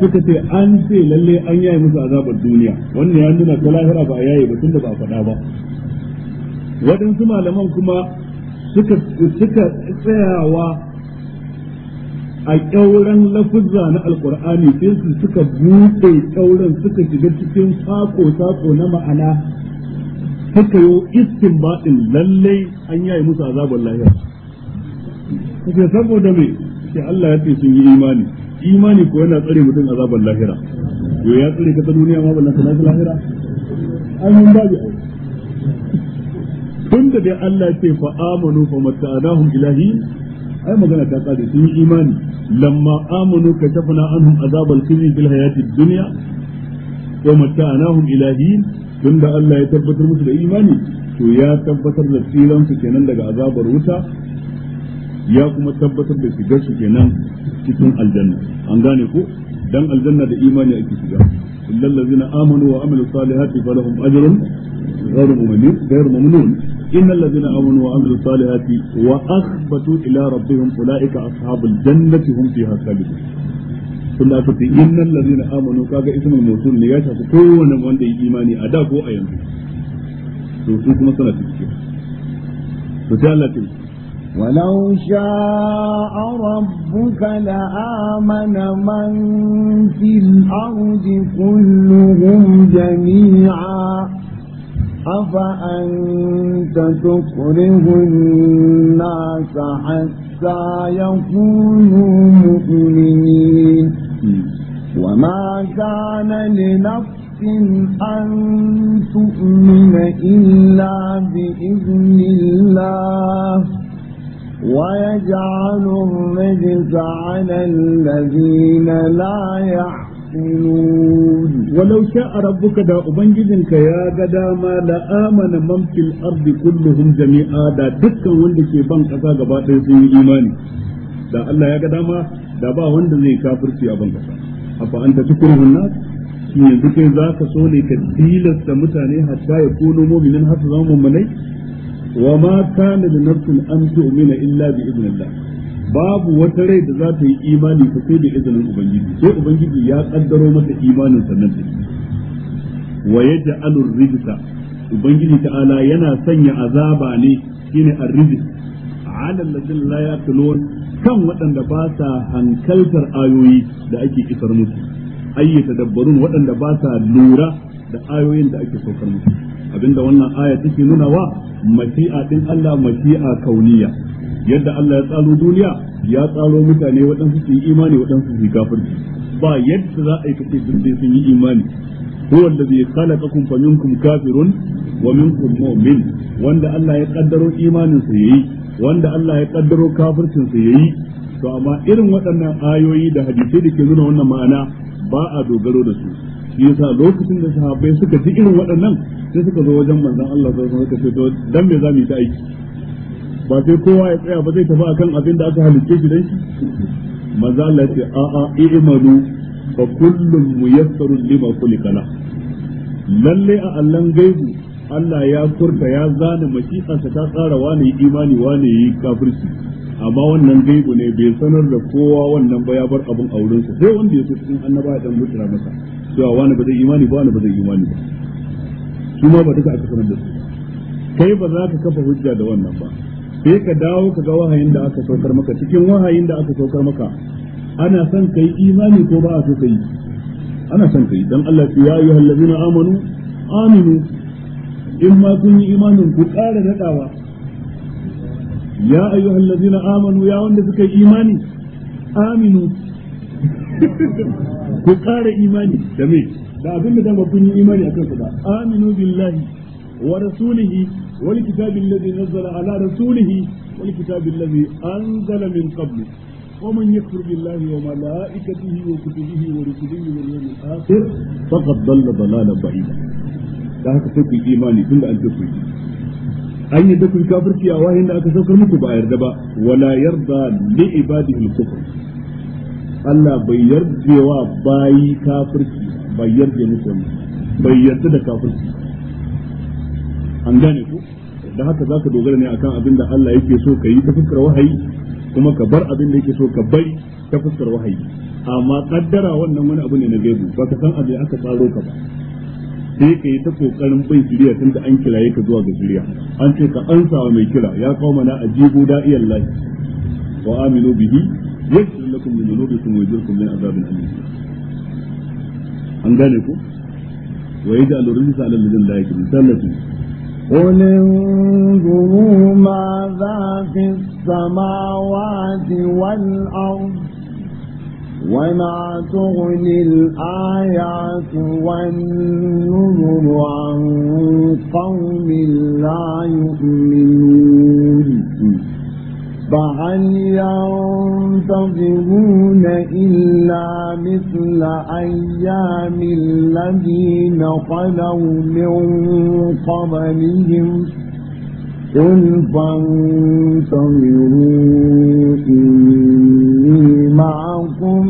suka ce an ce lalle an ya'yi musu azabar duniya wannan ya nuna ta lahira ba a yaye ba tunda ba a faɗa ba waɗansu malaman kuma suka suka tsayawa a ƙyauren lafuzza na alƙur'ani sai su suka buɗe ƙyauren suka shiga cikin sako-sako na ma'ana suka yi iskin baɗin lallai an yi musu azabar lahira suke saboda me sai Allah ya ce sun yi imani imani ko yana tsare mutum azabar lahira yo ya tsare ka ta duniya ma ballan sanar lahira an yi babu tun da dai Allah ce fa amanu fa mata'anahum ilahi ai magana ta kare sun yi imani lamma amanu ka kashafna anhum azabal khizi fil hayatid dunya wa mata'anahum ilahin tunda Allah ya tabbatar musu da imani to ya tabbatar da tsiran su kenan daga azabar wuta ya kuma tabbatar da shigar su kenan cikin aljanna an gane ko dan aljanna da imani ake shiga illal ladzina amanu wa amilu salihati falahum ajrun ila rabbihim ulaika ashabul jannati hum tunda aka ce innal ladina amanu kaga ismul mawsul ne ya shafi kowanne wanda ya imani a da ko a yanzu to su kuma suna cikin to sai Allah ta ولو شاء ربك لآمن من في الأرض كلهم جميعا أفأنت تكره الناس حتى يكونوا مؤمنين وما كان لنفس أن تؤمن إلا بإذن الله ويجعل الرجس على الذين لا يحسنون يؤمنون ولو شاء ربك دا أبنجدنك يا قداما لآمن من في الأرض كلهم جميعا دا دكا وندك يبان قصا قباتا سيء إيماني دا الله يا قداما دا با وند زي كافر سيء أبان قصا أفا أنت تكره الناس shi yanzu kai za ka so ne ka tilasta mutane hatta ya kuno mominin har su zama mummunai wa ma kana da nafsin an tu'mina illa bi idnillah babu wata rai da za ta yi imani ta sai da izinin ubangiji sai ubangiji ya kaddaro mata imanin sannan ta wa alur rijsa ubangiji ta'ala yana sanya azaba ne shine ar-rijs 'ala la yaqilun kan waɗanda ba sa hankaltar ayoyi da ake isar musu ayyata dabbarun waɗanda ba sa lura da ayoyin da ake saukar musu abinda wannan aya take nuna wa mashi'a ɗin Allah mashi'a kauniya yadda Allah ya tsaro duniya ya tsaro mutane waɗansu su yi imani waɗansu su yi kafirci ba yadda za a yi kace duk sai sun yi imani huwa allazi khalaqakum faminkum kafirun wa minkum mu'min wanda Allah ya kaddaro imanin ya yayi wanda Allah ya kaddaro kafircin ya yayi to amma irin waɗannan ayoyi da hadisai da ke zuna wannan ma'ana ba a dogaro da su shi yasa lokacin da sahabbai suka ji irin waɗannan sai suka zo wajen manzon Allah sallallahu alaihi wasallam suka ce to dan me za mu yi ta aiki ba sai kowa ya tsaya ba zai tafi akan abin da aka halicce shi dan shi maza Allah ce a a i'malu fa kullum muyassaru lima khuliqa lalle a allan gaibu Allah ya furta ya zana mashi'arsa ta tsara wani imani wani yi kafirci amma wannan gaibu ne bai sanar da kowa wannan ba ya bar abin sa sai wanda ya so cikin annaba ya dan mutura masa cewa wani ba zai imani ba wani ba zai imani ba su ma ba duka aka sanar da su kai ba za ka kafa hujja da wannan ba sai ka dawo ka ga wahayin da aka saukar maka cikin wahayin da aka saukar maka ana son ka yi imani ko ba a so ka yi ana son ka yi dan Allah ya ayyuhal ladina amanu aminu in ma kun yi imanin ku ƙara nadawa ya ayyuhal ladina amanu ya wanda suka yi imani aminu ku ƙara imani da me da abin da ba kun yi imani akan su ba aminu billahi wa rasulihi والكتاب الذي نزل على رسوله والكتاب الذي أنزل من قبله ومن يكفر بالله وملائكته وكتبه ورسله واليوم الآخر فقد ضل ضلالا بعيدا da haka sai ku yi imani tun da an ku yi an yi dukkan kafirci a wahin da aka saukar muku ba yarda ba wala yarda li ibadi al-kufr Allah bai yarda wa bayi kafirci bai yarda muku bai yarda da kafirci an gane ku da haka za ka dogara ne akan abin da Allah yake so ka yi ta fuskar wahayi kuma ka bar abin da yake so ka bari ta fuskar wahayi amma kaddara wannan wani abu ne na gaibu ba ka san abin aka tsaro ka ba sai ka yi ta kokarin bin shirya tun da an kiraye ka zuwa ga shirya an ce ka ansa wa mai kira ya kawo mana ajibu da'iyan lahi wa aminu bihi yaghfir lakum min dhunubikum wa yujirkum min azabin alim an gane ku wa yaj'alu rijsa 'ala alladhina la yakrun sallatu قل انظروا ماذا في السماوات والأرض وما تغني الآيات والنذر عن قوم لا يؤمنون فهل ينتظرون إلا مثل أيام الذين خلوا من قبلهم قل فانتظروا إني معكم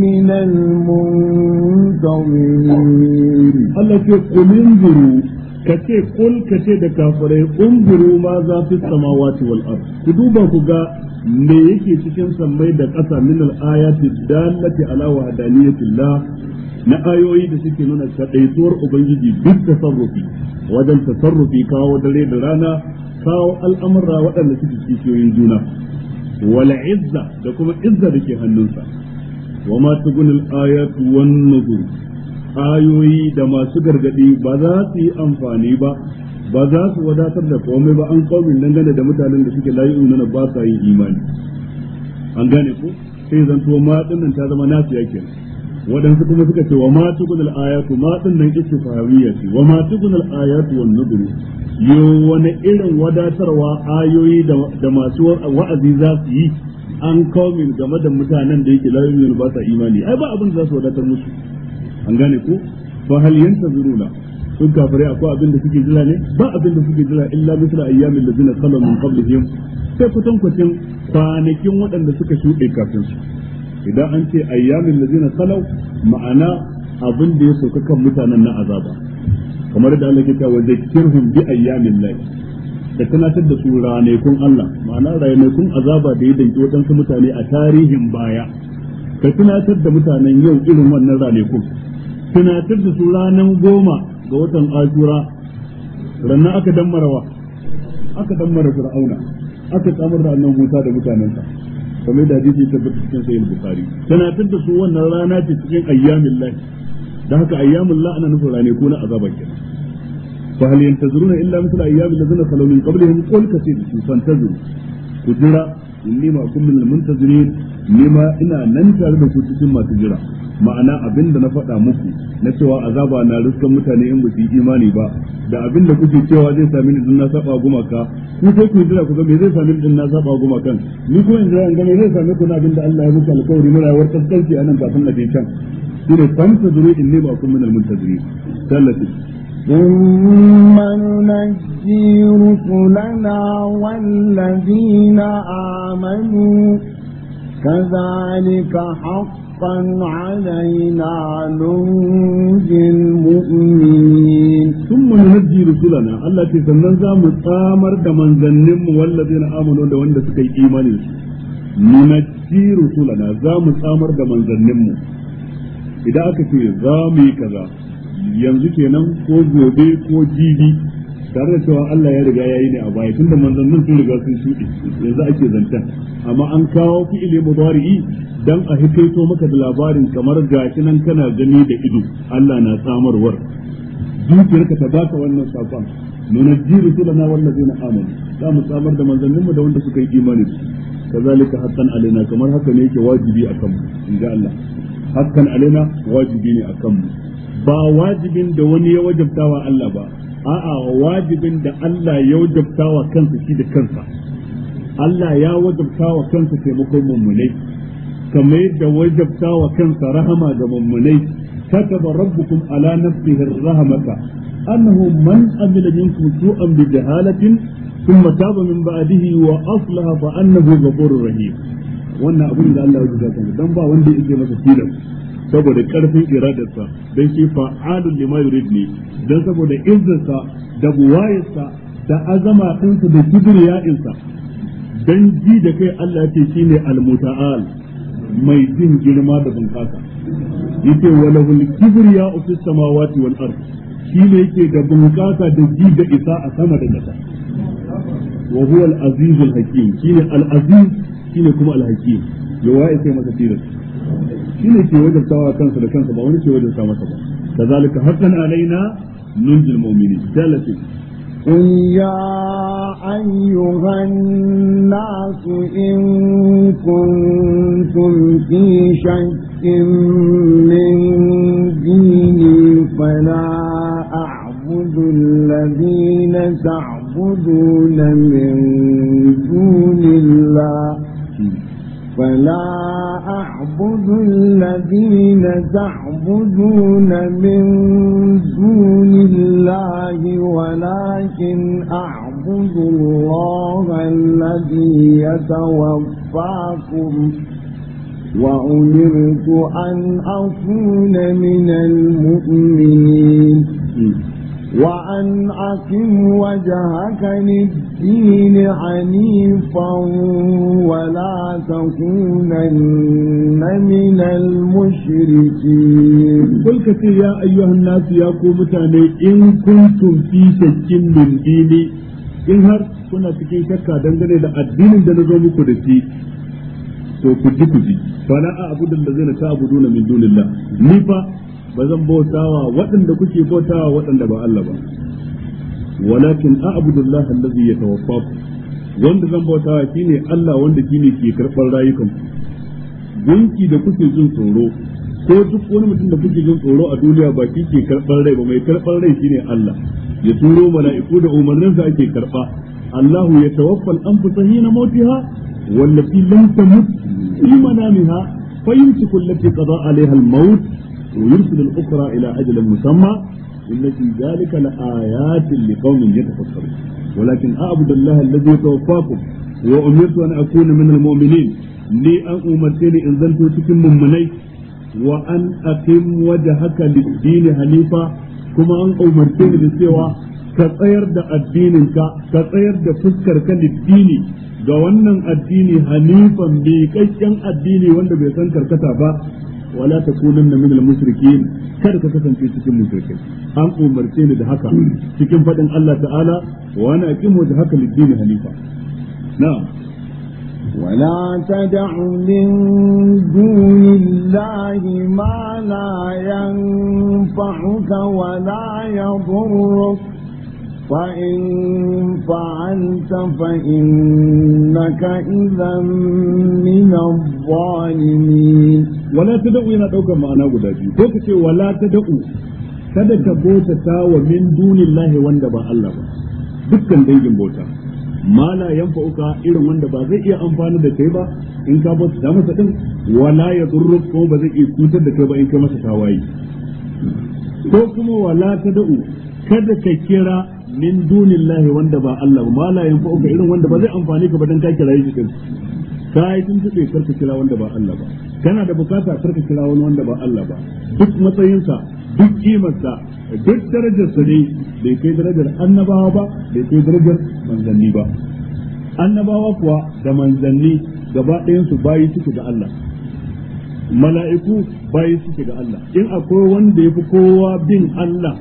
من المنتظرين هل تقول انظروا ka ce kun ka ce da kafirai umburu ma za fi samawati wal ard ku duba ku ga me yake cikin sammai da ƙasa min al ayati dallati ala wahdaniyatillah na ayoyi da suke nuna kadaituwar ubangiji duk tasarrufi wajen tasarrufi kawo dare da rana kawo al'amura waɗanda suke kishiyoyin juna wal izza da kuma izza da ke hannunsa wa ma tugunil ayatu wan nuzur ayoyi da masu gargadi ba za su yi amfani ba ba za su wadatar da komai ba an kaumin dangane da mutanen da suke layi nuna ba sa yin imani an gane ko sai zanto ma nan ta zama nasu yake waɗansu kuma suka ce wa matu tugun ayatu ma dinnan istifahariya ce wa matu tugun ayatu wan nudru yo wani irin wadatarwa ayoyi da masu wa'azi za su yi an kaumin game da mutanen da yake layi nuna ba sa imani ai ba abin da za su wadatar musu an gane ko fa hal yantazuruna sun kafare akwai abin da suke jira ne ba abin da suke jira illa misra ayyamin da zina kala min qablihim sai kutan kucin kwanakin waɗanda suka shuɗe kafin su idan an ce ayyamin da zina kala ma'ana abin da ya sauka kan mutanen na azaba kamar da Allah ke cewa zakirhum bi ayyamin lahi da tunatar da su ranakun Allah ma'ana ranakun azaba da ya danki waɗansu mutane a tarihin baya ka tunatar da mutanen yau irin wannan ranakun tunatar da su ranar goma ga watan ashura ranar aka dammara wa aka dammara fir'auna aka samar da annan musa da mutanensa kamar da hadisi ta cikin sayyid bukhari tunatar da su wannan rana ce cikin ayyamin lahi da haka ayyamin la ana nufin rane ko na azaba kenan fa hal yantazuruna illa mithla ayyamin ladzina khalaw min qablihim qul kasir fantazuru ku jira inni ma kun min al-muntazirin nima ina nan tare da ku cikin masu jira ma'ana abin da na faɗa muku na cewa azaba na riskan mutane in basu yi imani ba da abin da kuke cewa zai sami ni na saba gumaka ku sai ku jira ku ga me zai sami ni na saba gumakan ni ko in jira in ga me zai sami ku na abin da Allah ya muku alƙawari mura yawar tsakanci anan kafin na je can ne shine fantazuru inni ba kun min almuntazirin sallati ثم ننجي رسلنا والذين آمنوا كذلك حق حقا علينا ننجي المؤمنين ثم ننجي رسلنا الله تسنن زام تامر دمن زنم والذين آمنوا لون دسكي إيمان ننجي رسلنا زام تامر دمن زنم idan aka ce za mu yi kaza yanzu kenan ko gobe ko jibi tare da cewa Allah ya riga ya yi ne a baya tun da manzannin sun riga sun shuɗe yanzu ake zantan amma an kawo fi'ili mudari'i dan a hikaito maka da labarin kamar gashi nan kana gani da ido Allah na samarwar ka ta baka wannan safan nunajji rusulana wallazina amanu za mu samar da manzannin mu da wanda suka yi imani kazalika haqqan alaina kamar haka ne yake wajibi akan mu inda Allah haqqan alaina wajibi ne akan mu ba wajibin da wani ya wajabtawa Allah ba a'a wajibin da Allah ya wajabta wa kansa shi da kansa Allah ya wajabta wa kansa taimakon mummunai kamar yadda wajabta wa kansa rahama ga mummunai kataba rabbukum ala nafsihi rahmata annahu man amila minkum su'an bi jahalatin thumma taba min ba'dihi wa aslaha fa annahu ghafurur rahim wannan abin da Allah ya wajabta dan ba wanda yake masa tilas saboda karfin iradarsa dan shi fa'alun lima yurid ne dan saboda izinsa da buwayarsa da azama ɗinsa da kibriya'insa dan ji da kai Allah ce shine al-muta'al mai jin girma da bunƙasa yace walahul kibriya fi samawati wal ard shine yake da bunƙasa da ji da isa a sama da ƙasa wa huwa al-azizul hakim shine al-aziz shine kuma al-hakim yawa sai masa tilas shine ke wajen tawa kansa da kansa ba wani ke wajen sa masa ba kazalika haqqan alaina nunjil mu'minin dalati in ya ayyuhan nas in kuntum fi shakkin min dini فلا أعبد الذين تعبدون من دون الله فلا أعبد الذين تعبدون من دون الله ولكن أعبد الله الذي يتوفاكم وأمرت أن أكون من المؤمنين وأن أقم وجهك للدين حنيفا ولا تكونن من المشركين قل ya يا أيها الناس يا قومتاني إن كنتم في شك من ديني إن هر كنا cikin shakka dangane da addinin da na zo muku da shi to ku ji ku ji fala a abudan da zai na ta min dunillah ba zan bautawa waɗanda kuke bautawa waɗanda ba Allah ba walakin a'budullah allazi yatawaffaku wanda zan bautawa shine Allah wanda shine ke karɓar rayukan gunki da kuke jin tsoro ko duk wani mutum da kuke jin tsoro a duniya ba shi ke karɓar rai ba mai karɓar rai shine Allah ya turo mala'iku da umarninsa ake karɓa Allah ya tawaffal anfusa hina mautiha wallati lam tamut fi manamiha fayumsiku allati qada alaiha al-maut ويرسل الأخرى إلى أجل مسمى إن في ذلك لآيات لقوم يتفكرون ولكن أعبد الله الذي يتوفاكم وأمرت أن أكون من المؤمنين لي أن أمرتني إن ظنت تكن ممني وأن أقم وجهك للدين حنيفا كما أن أمرتني لسوى ka tsayar da addininka ka tsayar da fuskar ka addini ga wannan addini hanifan mai kakken addini wanda bai san karkata ba wala takunanna min al-mushrikeen kada ka kasance cikin mushrikai an umarce ni da haka cikin faɗin Allah ta'ala wa ana aqimu da haka lid hanifa na'am ولا تدع من دون الله ما لا ينفعك ولا يضرك فإن فعلت فإنك إذا من الظالمين ولا تدعو إلى دوكا معنا قدامي ولا تدعو kada ka bautata wa min dunillahi wanda ba Allah ba dukkan dangin bota ma la yanfa'uka irin wanda ba zai iya amfani da kai ba in ka bautata masa din wala ya yadurruk ba zai iya cutar da kai ba in ka masa tawayi ko kuma wala tad'u kada ka kira min dunillahi wanda ba Allah ma la ka irin wanda ba zai amfani ka ba dan ka kira shi din ka yi tuntube karka kira wanda ba Allah ba kana da bukata karka kira wani wanda ba Allah ba duk matsayinsa duk kimarsa duk darajarsa ne bai kai darajar annabawa ba bai kai darajar manzanni ba annabawa kuwa da manzanni gaba su bayi suke ga Allah mala'iku bayi suke ga Allah in akwai wanda ya fi kowa bin Allah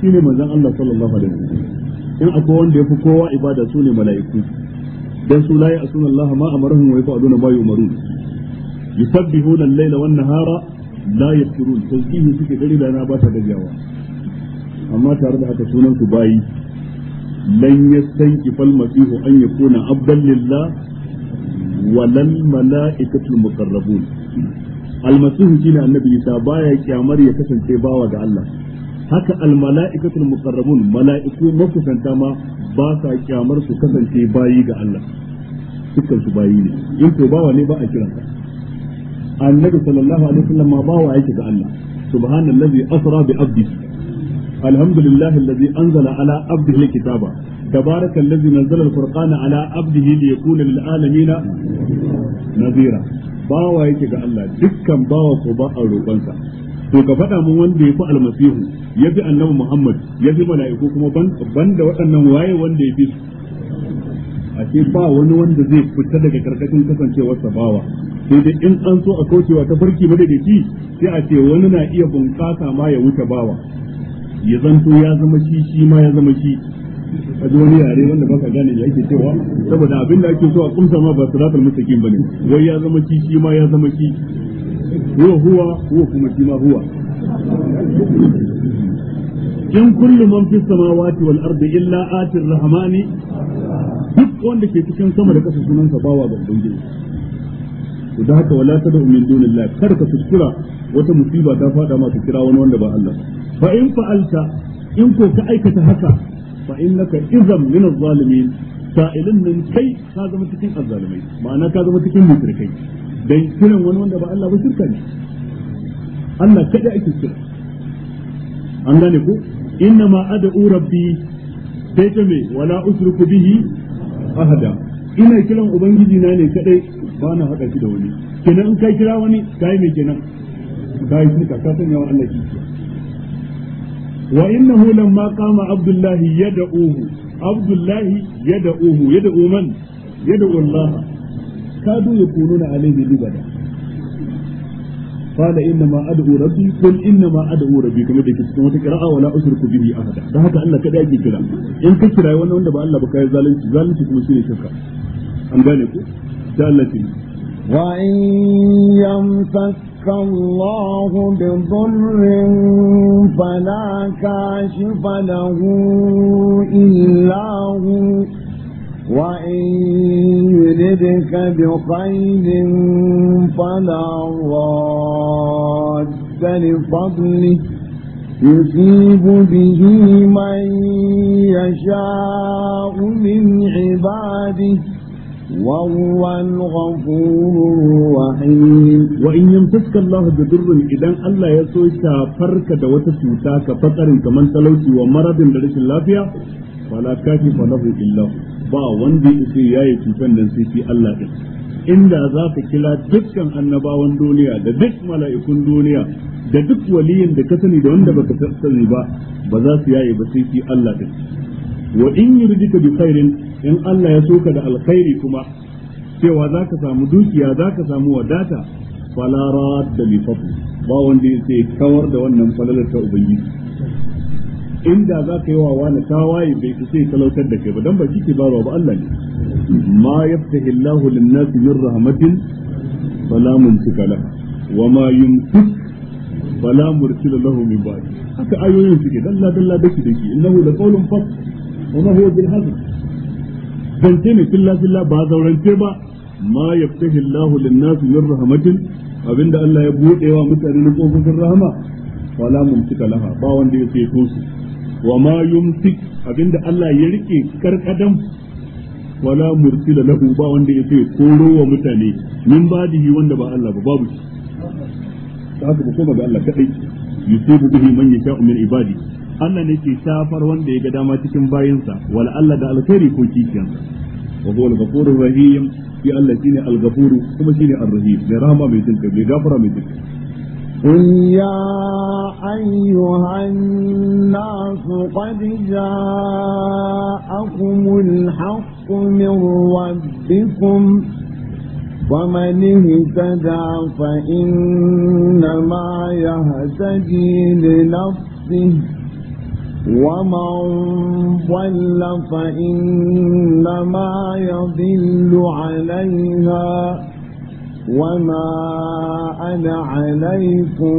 shine manzon Allah sallallahu alaihi wasallam in akwai wanda yafi kowa ibada su ne mala'iku dan su la ya'suna Allah ma amaruhum wa yaf'aluna ma yu'marun yusabbihuna al-layla wan nahara la yaftirun tasbihi suke dare da na ba ta gajiyawa amma tare da haka sunan su bayi lan yastanki fal masihu an yakuna abdan lillah wa lal mala'ikatul muqarrabun almasihu shine annabi Isa baya kyamar ya kasance bawa ga Allah haka almala'ikatul muqarrabun mala'iku makusanta ma ba sa kyamar su kasance bayi ga Allah dukkan su bayi ne in to bawa ne ba a kiransa annabi sallallahu alaihi wasallam ma bawa yake ga Allah subhanallazi asra bi abdihi alhamdulillahi allazi anzala ala abdihi alkitaba تبارك الذي نزل الفرقان على عبده ليكون للعالمين نذيرا باوا yake ga Allah dukkan bawa ko ba a roƙonsa to ka faɗa mun wanda ya fi almasihu ya fi annabi muhammad ya fi mala'iku kuma ban da waɗannan waye wanda ya fi su a ce ba wani wanda zai fita daga karkashin sa bawa sai dai in an so a kaucewa ta farki madadaci sai a ce wani na iya bunƙasa ma ya wuce bawa ya zanto ya zama shi shi ma ya zama shi a ji wani yare wanda ba ka gane da ake cewa saboda abin da ake so a kumsa ma ba su mutakin ba ne. wai ya zama shi shi ma ya zama shi huwa huwa huwa kuma shi ma huwa in kullu man fi samawati wal ardi illa atir rahmani duk wanda ke cikin sama da kasa sunansa bawa ga ubangiji to da haka wala tad'u min dunillah kar ka kuskura wata musiba ta fada ma kira wani wanda ba Allah fa in fa'alta in ko ka aikata haka fa innaka idzan min az-zalimin sa'ilin nan kai ka zama cikin azzalumai ma'ana ka zama cikin mushrikai dan kiran wani wanda ba Allah ba shirka ne Allah kada ake kira an gane ko inna ma ad'u rabbi sai ta me wala usriku bihi ahada ina kiran ubangiji na ne kadai ba na haɗa shi da wani kenan in kai kira wani kai me kenan kai shirka ka sanya wa Allah shi wa innahu lamma qama abdullahi yad'uhu abdullahi ya yad'uhu yad'u man yad'u Allah kadu yakununa alayhi libada قال انما ادعو ربي قل انما ادعو ربي kuma da ke cikin wata qira'a wala usriku bihi ahada dan haka Allah kada yake kira in ka kira wannan wanda ba Allah ba kai zalunci zalunci kuma shine shirka an gane ko sai Allah وإن يمسك الله بضر فلا كاشف له إلا هو وإن يردك بخير فلا راد لفضله يصيب به من يشاء من عباده وهو الغفور الرحيم وإن يمسك الله بضر إذا الله يسوي شافرك دوت سوتاك فقر كمن تلوتي ومرض درش اللافية فلا كاشف له إلا هو با وندي إسي ياي تنفن نسيتي الله inda za ka kira dukkan annabawan duniya da duk mala'ikun duniya da duk waliyin da ka sani da wanda baka sani ba ba za su yaye ba sai Allah din wa in yuridika bi khairin in Allah ya soka da alkhairi kuma cewa zaka samu dukiya zaka samu wadata fala radda li fadli ba wanda yake kawar da wannan falalar ta ubangiji inda za ka yi wa wani tawaye bai ku sai talautar da kai ba dan ba kike ba ba Allah ne ma yaftahi Allahu lin-nasi min rahmatin fala mumsika lahu wa ma yumsik fala mursila lahu min ba'd haka ayoyin suke dalla dalla dake dake innahu laqawlun fasl وما هو بالهزل zance ne filla filla ba zaurance ba ma yaftahi Allahu lin-nasi min rahmatin abinda Allah ya bude wa mutane na kofofin rahama wala laha ba wanda ya ce to su wa ma abinda Allah ya rike karkadan wala mursila lahu ba wanda ya ce koro wa mutane min badihi wanda ba Allah ba babu shi haka ba ga Allah kadai yusibu bihi man yasha'u min ibadihi Allah ne ke shafar wanda ya ga dama cikin bayinsa wal Allah da alkhairi ko kishiyansa wa huwa al-ghafurur rahim shi Allah shine al-ghafuru kuma shine ar-rahim mai rahama mai tinka mai gafara mai tinka قل يا أيها الناس قد جاءكم الحق من ربكم ومن اهتدى فإنما يهتدي لنفسه ومن ضل فإنما يضل عليها وما أنا عليكم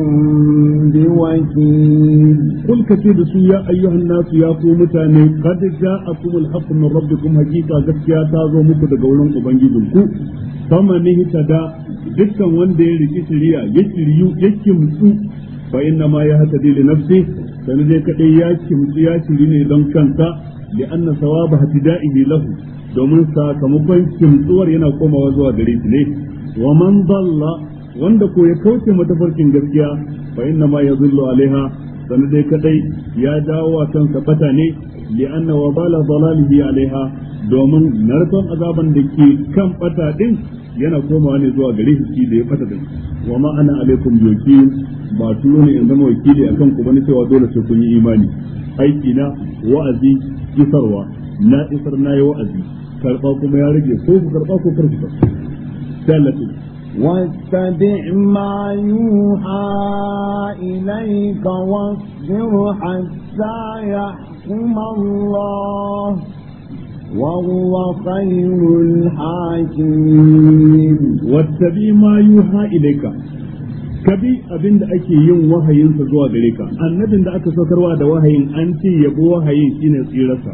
بوكيل قل كثير يا أيها الناس يا قوم تاني قد جاءكم الحق من ربكم حقيقة زكية تازو مكد قولون أبنجيبنكو فمن اهتدى دكا وان دير يشريا يشريو يشمسو فإنما يهتدي لنفسه sani dai kadai ya mutu ya ci ne don kansa da anna sawaba bi lahu domin sakamakon kimtsuwar yana komawa zuwa gare shi ne wa man dalla wanda ko ya kauce matafarkin gaskiya fa inna ma yadullu alaiha sani dai kadai ya dawo wa kansa bata ne li anna wa bala dalalihi alaiha domin narkon azaban da ke kan bata din yana komawa ne zuwa gare shi da ya fata da wa ma ana alaikum bi wakil ba tuno ne in zama wakili akan ku bane cewa dole sai kun yi imani aiki na wa'azi isarwa na isar na yi wa'azi karba kuma ya rage ko ku karba ko karku karba sai واتبع ما يوحى إليك واصبر حتى يحكم الله وهو خير الحاكمين واتبي ما يوحى إليك ka bi abin da ake yin wahayinsa zuwa gare ka annabin da aka saukarwa da wahayin an ce yabo wahayin shine tsirarsa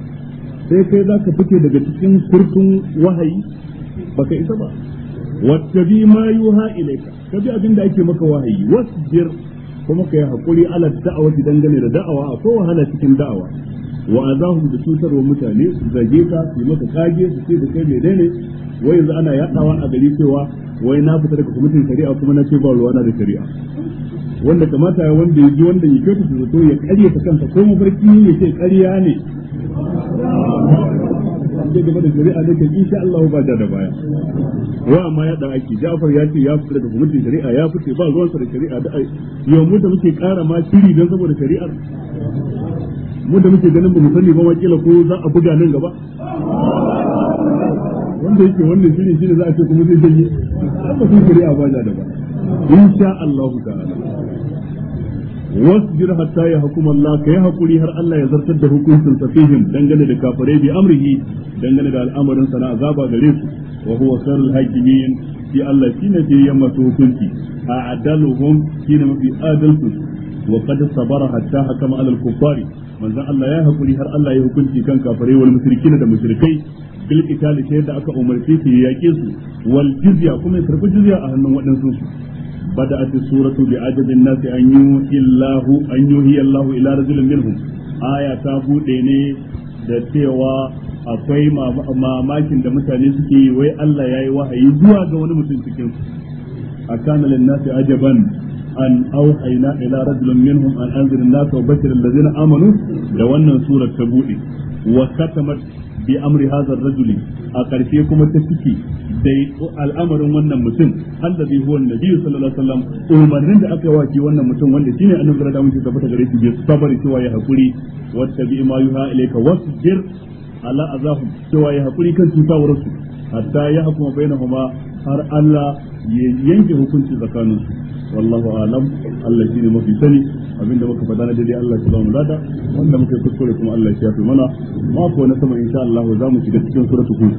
sai kai za ka fice daga cikin kurkun wahayi baka isa ba wattabi ma yuha ilaika ka bi abin da ake maka wahayi wasjir kuma ka yi hakuri ala da'awa dangane da da'awa akwai wahala cikin da'awa wa azahum da wa mutane su zage ka su maka kage su ce da kai mai daine wai yanzu ana yadawa a gari cewa wai na fita daga kwamitin shari'a kuma na ce ba ruwana da shari'a wanda kamata ya wanda ya ji wanda ya kyautu su zato ya karya ta kansa ko mafarki ne ce karya ne sai gaba da shari'a ne kan insha Allah ba ja da baya wa amma ya da aiki Ja'far ya ce ya fita daga gwamnatin shari'a ya fice ba ruwan sa da shari'a da ai yau mu da muke kara ma shiri dan saboda shari'ar mu da muke ganin ba mu sani ba ma kila ko za a buga nan gaba wanda yake wannan shine shine za a ce kuma zai janye ba sun shari'a ba da ba insha Allah ta'ala wasbir hatta ya hukuma Allah ka yi hakuri har Allah ya zartar da hukuncin sa fihim dangane da kafirai bi amrihi dangane da al'amarin sa na azaba gare su wa huwa sarul hakimin shi Allah shine ke yi masu hukunci a'daluhum shine mafi adalcin wa qad sabara hatta hakama al-kuffari manzon Allah ya hakuri har Allah ya hukunci kan kafare wal mushrikin da mushrikai bil qitali sai da aka umarci su ya yake su wal jizya kuma ya karbi jizya a hannun waɗansu su بدأت السورة بعدد الناس أن يوحي الله أن يوحي الله إلى رجل منهم آية تابو ديني da cewa akwai mamakin da mutane suke yi wai Allah ya yi wahayi zuwa ga wani mutum cikin a kanalin nasi ajaban an auhayna ila rajulin minhum an anzir an-nas wa bashir amanu da wannan surar ta bude wa katamat bi amri hadha ar a karshe kuma ta ciki dai al'amarin wannan mutum allazi huwa annabi sallallahu alaihi wasallam umarnin da aka wace wannan mutum wanda shine annabi da mutum tabbata gare shi bi sabari cewa ya hakuri ma cewa ya kan tutawarsu hatta ya hukuma bainahuma har Allah ya yanke hukunci tsakanin wallahu alam Allah shine mafi sani abinda muka faɗa na daidai Allah ya bamu lada wanda muka kuskure kuma Allah ya shafe mana mako na sama insha Allah za mu shiga cikin suratul hud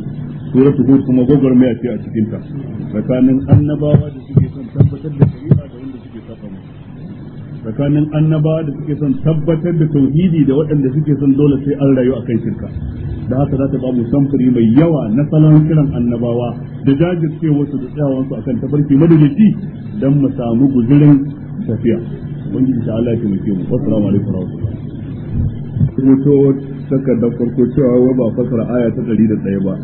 suratul hud kuma gogor mai a cikin tsakanin annabawa da suke son tabbatar da shari'a tsakanin annabawa da suke son tabbatar da tauhidi da waɗanda suke son dole sai an rayu a kan shirka da haka za ta bamu samfuri mai yawa na salon kiran annabawa da wasu da tsayawansu akan tafarki madalici don mu samu guzurin tafiya ubangiji ta Allah ya taimake mu assalamu alaikum warahmatullahi takardar farko cewa wai ba fasara aya ta 101 ba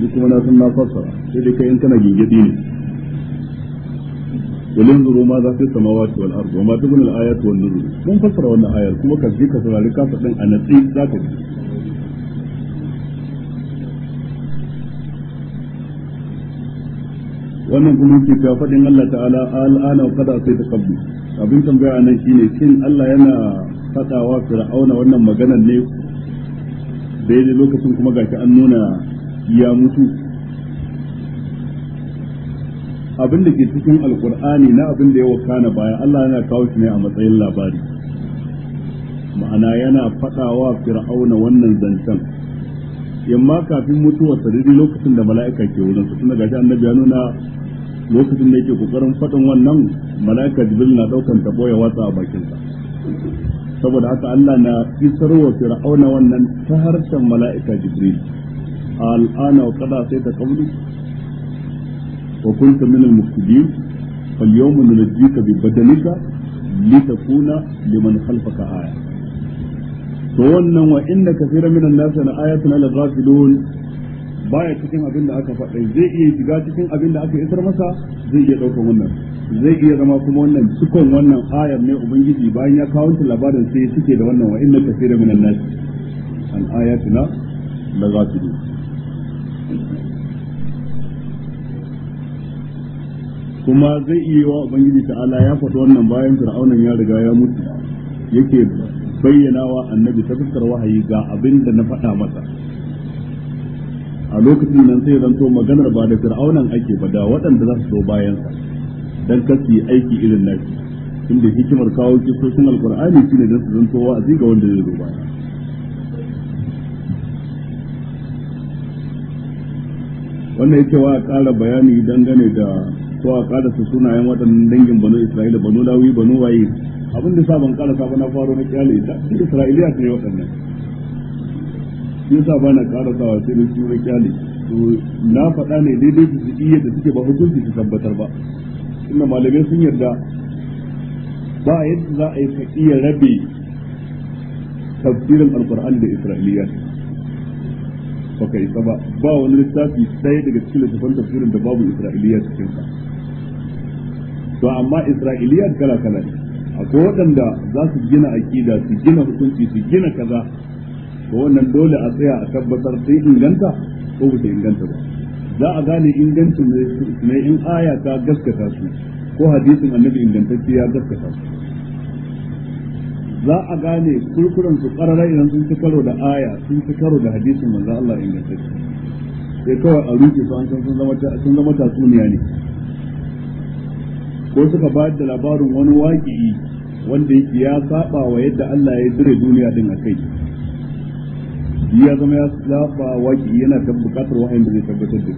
duk kuma na san na fasara sai dai kai in kana gingedi ne walin zuru ma za su samawati wal ardu ma tubun al ayatu wan nuzur mun fassara wannan ayar kuma ka je ka saurari wannan kuma yake cewa fadin Allah ta'ala al'ana wa kada sai ta abin tambaya nan shine shin Allah yana fadawa fir'auna wannan maganar ne daidai lokacin kuma gashi an nuna ya mutu abin da ke cikin alkur'ani na abin da ya wakana baya Allah yana kawo shi ne a matsayin labari ma'ana yana faɗawa fir'auna wannan zancen yamma kafin mutuwar sa lokacin da mala'ika ke wurin su tunda gashi annabi ya nuna lokacin da yake kokarin faɗin wannan mala'ika jibril na ɗaukan tabo ya watsa a bakin sa saboda haka Allah na isarwa fir'auna wannan ta harshen mala'ika jibril al'ana wa kada sai ta kauli وكنت من المفسدين فاليوم ننجيك ببدنك لتكون لمن خلفك آية wannan wa inna kaseera minan nas na ayatun ala ghafilun baya cikin abin da aka faɗa zai iya shiga cikin abin da aka isar masa zai iya ɗaukar wannan zai iya zama kuma wannan cikon wannan ayar ne ubangiji bayan ya kawo ta labarin sai suke da wannan wa'in wa inna kaseera minan nas al ayatuna la ghafilun kuma zai iya yi wa ubangiji ta'ala ya faɗi wannan bayan fir'aunan ya riga ya mutu yake bayyana wa annabi ta fuskar wahayi ga abin da na faɗa masa a lokacin nan sai zanto maganar ba da fir'aunan ake ba da waɗanda za su bayan bayansa dan kasu aiki irin nashi inda hikimar kawo kisoshin alkur'ani shine dan su zanto a ga wanda zai zo baya wannan yake wa ƙara bayani dangane da ko a karasa sunayen waɗannan dangin banu isra'ila banu lawi banu waye abin da sa ban karasa na faro na kyale ita isra'iliya ce waɗannan shi sa ba na karasawa sai na sura kyale to na faɗa ne daidai su su iya da suke ba hukunci su tabbatar ba inda malamai sun yarda ba a yadda za a yi ka iya rabe tafsirin alkur'ani da isra'iliya baka isa ba ba wani littafi ɗaya daga cikin littafin tafsirin da babu isra'iliya cikin sa to amma isra'iliyar kala kala ne akwai waɗanda za su gina akida su gina hukunci su gina kaza to wannan dole a tsaya a tabbatar sai inganta ko bata inganta ba za a gane ingancin ne in aya ta gaskata su ko hadisin annabi ingantacce ya gaskata su za a gane kurkuren su karara idan sun karo da aya sun karo da hadisin manzo Allah ingantacce sai kawai a rufe su an san sun zama sun zama tatsuniya ne ko suka bayar da labarin wani waƙi wanda yake ya saba wa yadda Allah ya dire duniya din akai ya zama ya saba waƙi yana da buƙatar wahayin da zai tabbatar da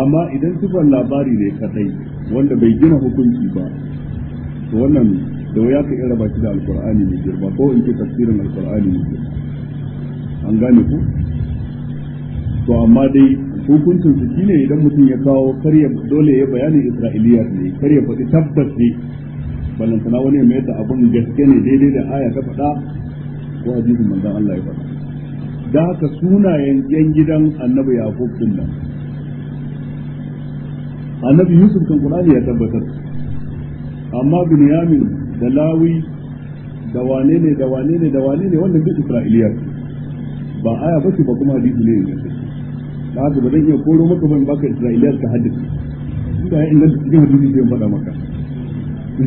amma idan sifar labari ne kadai wanda bai gina hukunci ba to wannan da wuya ka iya raba shi da alkur'ani ne girma ko in ce tafsirin alkur'ani ne girma an gane ku to amma dai hukuncin su shine idan mutum ya kawo karya dole ya bayanin isra'iliya ne karya faɗi tabbas ne ballantana wani ya mayar da abin gaske ne daidai da aya ta faɗa ko hadisin manzon Allah ya faɗa da haka sunayen yan gidan annabi yaqub din nan annabi yusuf kan qur'ani ya tabbatar amma binyamin da lawi da wane ne da wane ne da wane ne wannan duk isra'iliya ba aya ba bace ba kuma hadisi ne da haka ba zan iya koro maka ban baka isra'iliyar ta hadis da ya inganta cikin hadisi sai faɗa maka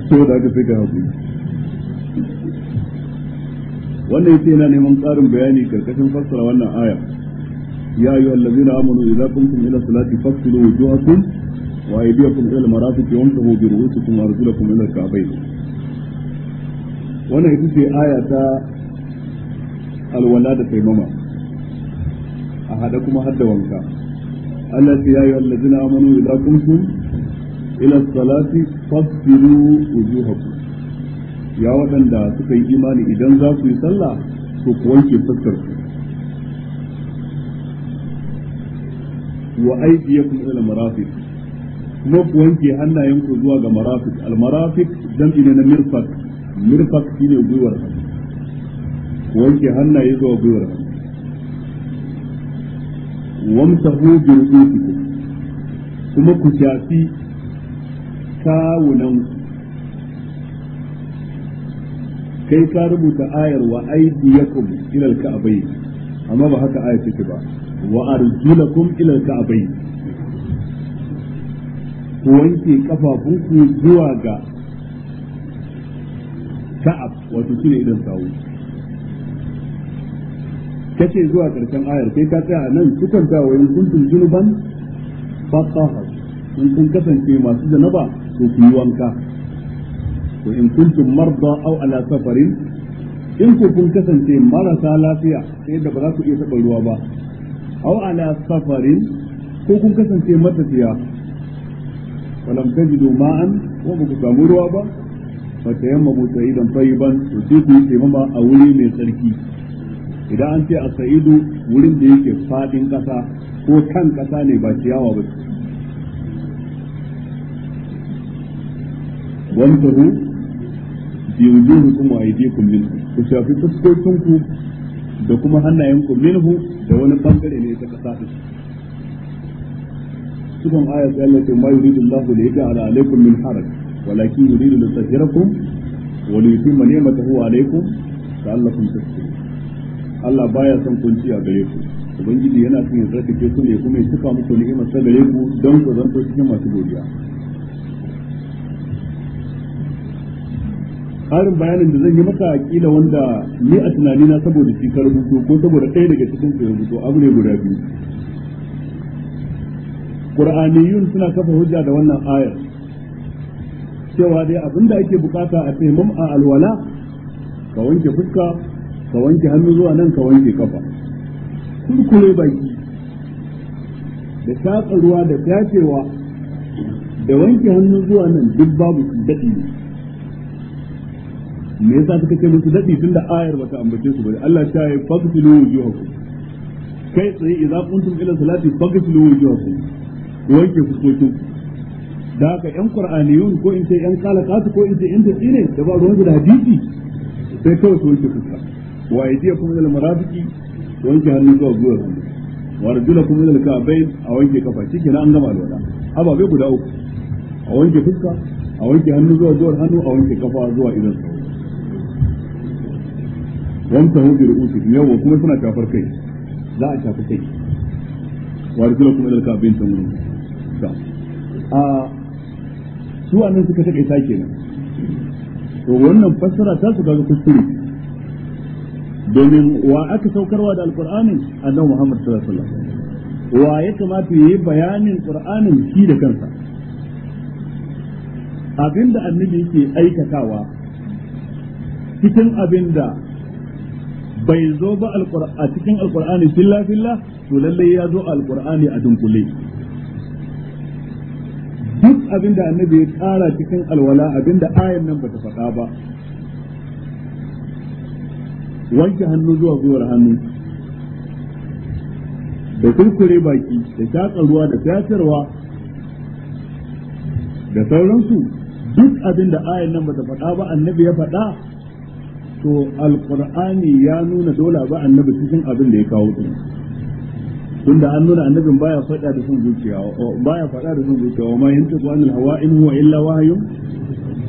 so da haka sai ka hakuri wannan yace yana neman ƙarin bayani karkashin fassara wannan aya ya ayu allazina amanu idza qumtum ila salati faghsilu wujuhakum wa aydiyakum ila marafiq wamsahu bi ru'usikum wa arjulakum ila al-ka'bayn wannan ita ce aya ta alwala da taimama a hada kuma har da wanka Allah ya yi jina amanu idza kuntum ila salati fasbiru wujuhakum ya waɗanda suka yi imani idan za su yi sallah to ku wanke fuskar wa aydiyakum ila marafiq kuma ku wanke hannayenku zuwa ga marafiq al marafiq jam'i ne na mirfaq mirfaq shine gwiwar ku wanke hannaye zuwa gwiwar hannu wamsahu bi rusufikum kuma ku shafi kawunan kai ka rubuta ayar wa aydiyakum ila al-ka'bayn amma ba haka ayar take ba wa arjulakum ila al-ka'bayn ku wanke kafafunku zuwa ga ka'ab wato shine idan sawu ce zuwa ƙarshen ayar sai ka tsaya nan cikin ta wayin zunuban? junuban fasaha in kun kasance masu zanaba to ku yi wanka to in kuntun marda au ala safarin in ku kun kasance marasa lafiya sai da ba za ku iya taɓa ruwa ba Au ala safarin ko kun kasance matafiya falam tajidu ma'an ko ba ku samu ruwa ba fa tayammamu sa'idan tayyiban to sai ku yi taimama a wuri mai tsarki idan an ce a sa'idu wurin da yake faɗin ƙasa, ko kan kasa ne ba ciyawa ba wamsahu bi wujuhikum wa aydikum minhu ku shafi fuskokinku da kuma hannayenku minhu da wani bangare ne ta kasa din cikin ayat sai Allah ce ma yuridu Allahu li yaj'ala alaykum min haraj walakin yuridu li yutahhirakum wa li yutimma ni'matahu alaykum la'allakum tashkurun Allah baya son kunci a gare ku ubangiji yana son ya ke ku ne kuma ya cika muku ni'imar ta gare ku don ku zanto cikin masu godiya ƙarin bayanin da zan yi maka akila wanda ni a tunani na saboda shi ka rubuto ko saboda ɗaya daga cikin su rubuto abu ne guda biyu Qur'aniyun suna kafa hujja da wannan ayar cewa dai abinda ake bukata a taimam a alwala ka wanke fuska ka wanke hannu zuwa nan ka wanke kafa kurkure baki da tatsa ruwa da tacewa da wanke hannu zuwa nan duk babu su daɗi ne me yasa suka ce musu daɗi tunda ayar bata ambace su bane Allah ta yi fagsilu wujuhakum kai tsaye idza kuntum ila salati fagsilu ku wanke fuskokin da haka yan qur'aniyun ko in ce yan kalakatu ko in ce yan tafsiri da ba ruwan da hadisi sai kawai su wanke fuskokin wa kuma ila al-marafiqi wanke hannu zuwa zuwa hannu wa rajulakum ila al-ka'bayn a wanke kafa na an gama alwala ababe guda uku a wanke fuska a wanke hannu zuwa gwiwar hannu a wanke kafa zuwa idan wanta hujjar usu yawa kuma suna shafar kai za a shafi kai wa rajulakum ila al-ka'bayn ta a su wannan suka take sake nan to wannan fassara ta su kaga kuskure domin wa aka saukarwa da alqur'anin annabi Muhammad sallallahu alaihi wa ya kamata yayi bayanin qur'anin shi da kansa abinda annabi yake aikatawa cikin abinda bai zo ba a cikin alqur'ani filla filla to lallai ya zo Alƙur'ani a dunkule duk abinda annabi ya tsara cikin alwala abinda ayan nan bata faɗa ba wanke hannu zuwa gwiwar hannu da kurkure baki da shaƙa ruwa da fyatarwa da sauransu duk abin da ayan nan bata faɗa ba annabi ya faɗa to alqur'ani ya nuna dole ba annabi cikin abin da ya kawo din tunda an nuna annabin baya faɗa da son zuciya baya faɗa da son zuciya wa ma yantiqu anil hawa in huwa illa wahyun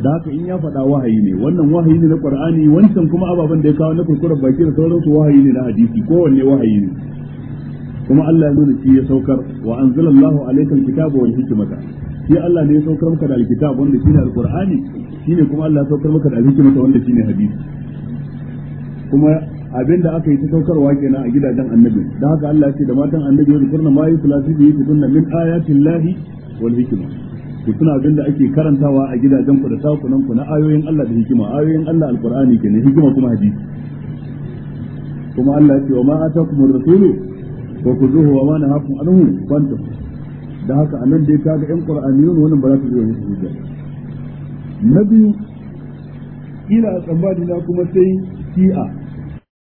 da haka in ya faɗa wahayi ne wannan wahayi ne na qur'ani wancan kuma ababen da ya kawo na kurkurar baki da sauransu wahayi ne na hadisi kowanne wahayi ne kuma Allah ya nuna shi ya saukar wa anzalallahu alaykal kitaba wal hikmata shi Allah ne ya saukar maka da alkitab wanda shine alqur'ani shine kuma Allah ya saukar maka da alhikmata wanda shine hadisi kuma abinda aka yi ta saukarwa kenan a gidajen annabi da haka Allah ya ce da matan annabi wa kunna ma da bi kunna min ayati lahi wal hikmah ku tuna abin da ake karantawa a gidajen ku da takunan ku na ayoyin Allah da hikima ayoyin Allah alqur'ani kenan hikima kuma hadisi kuma Allah ya ce wa ma atakumur rasulu wa kuzuhu wa ma nahakum anhu fantum da haka anan dai kaga yan qur'aniyun wannan ba za su zo musu hujja na biyu ila tsambani na kuma sai shi'a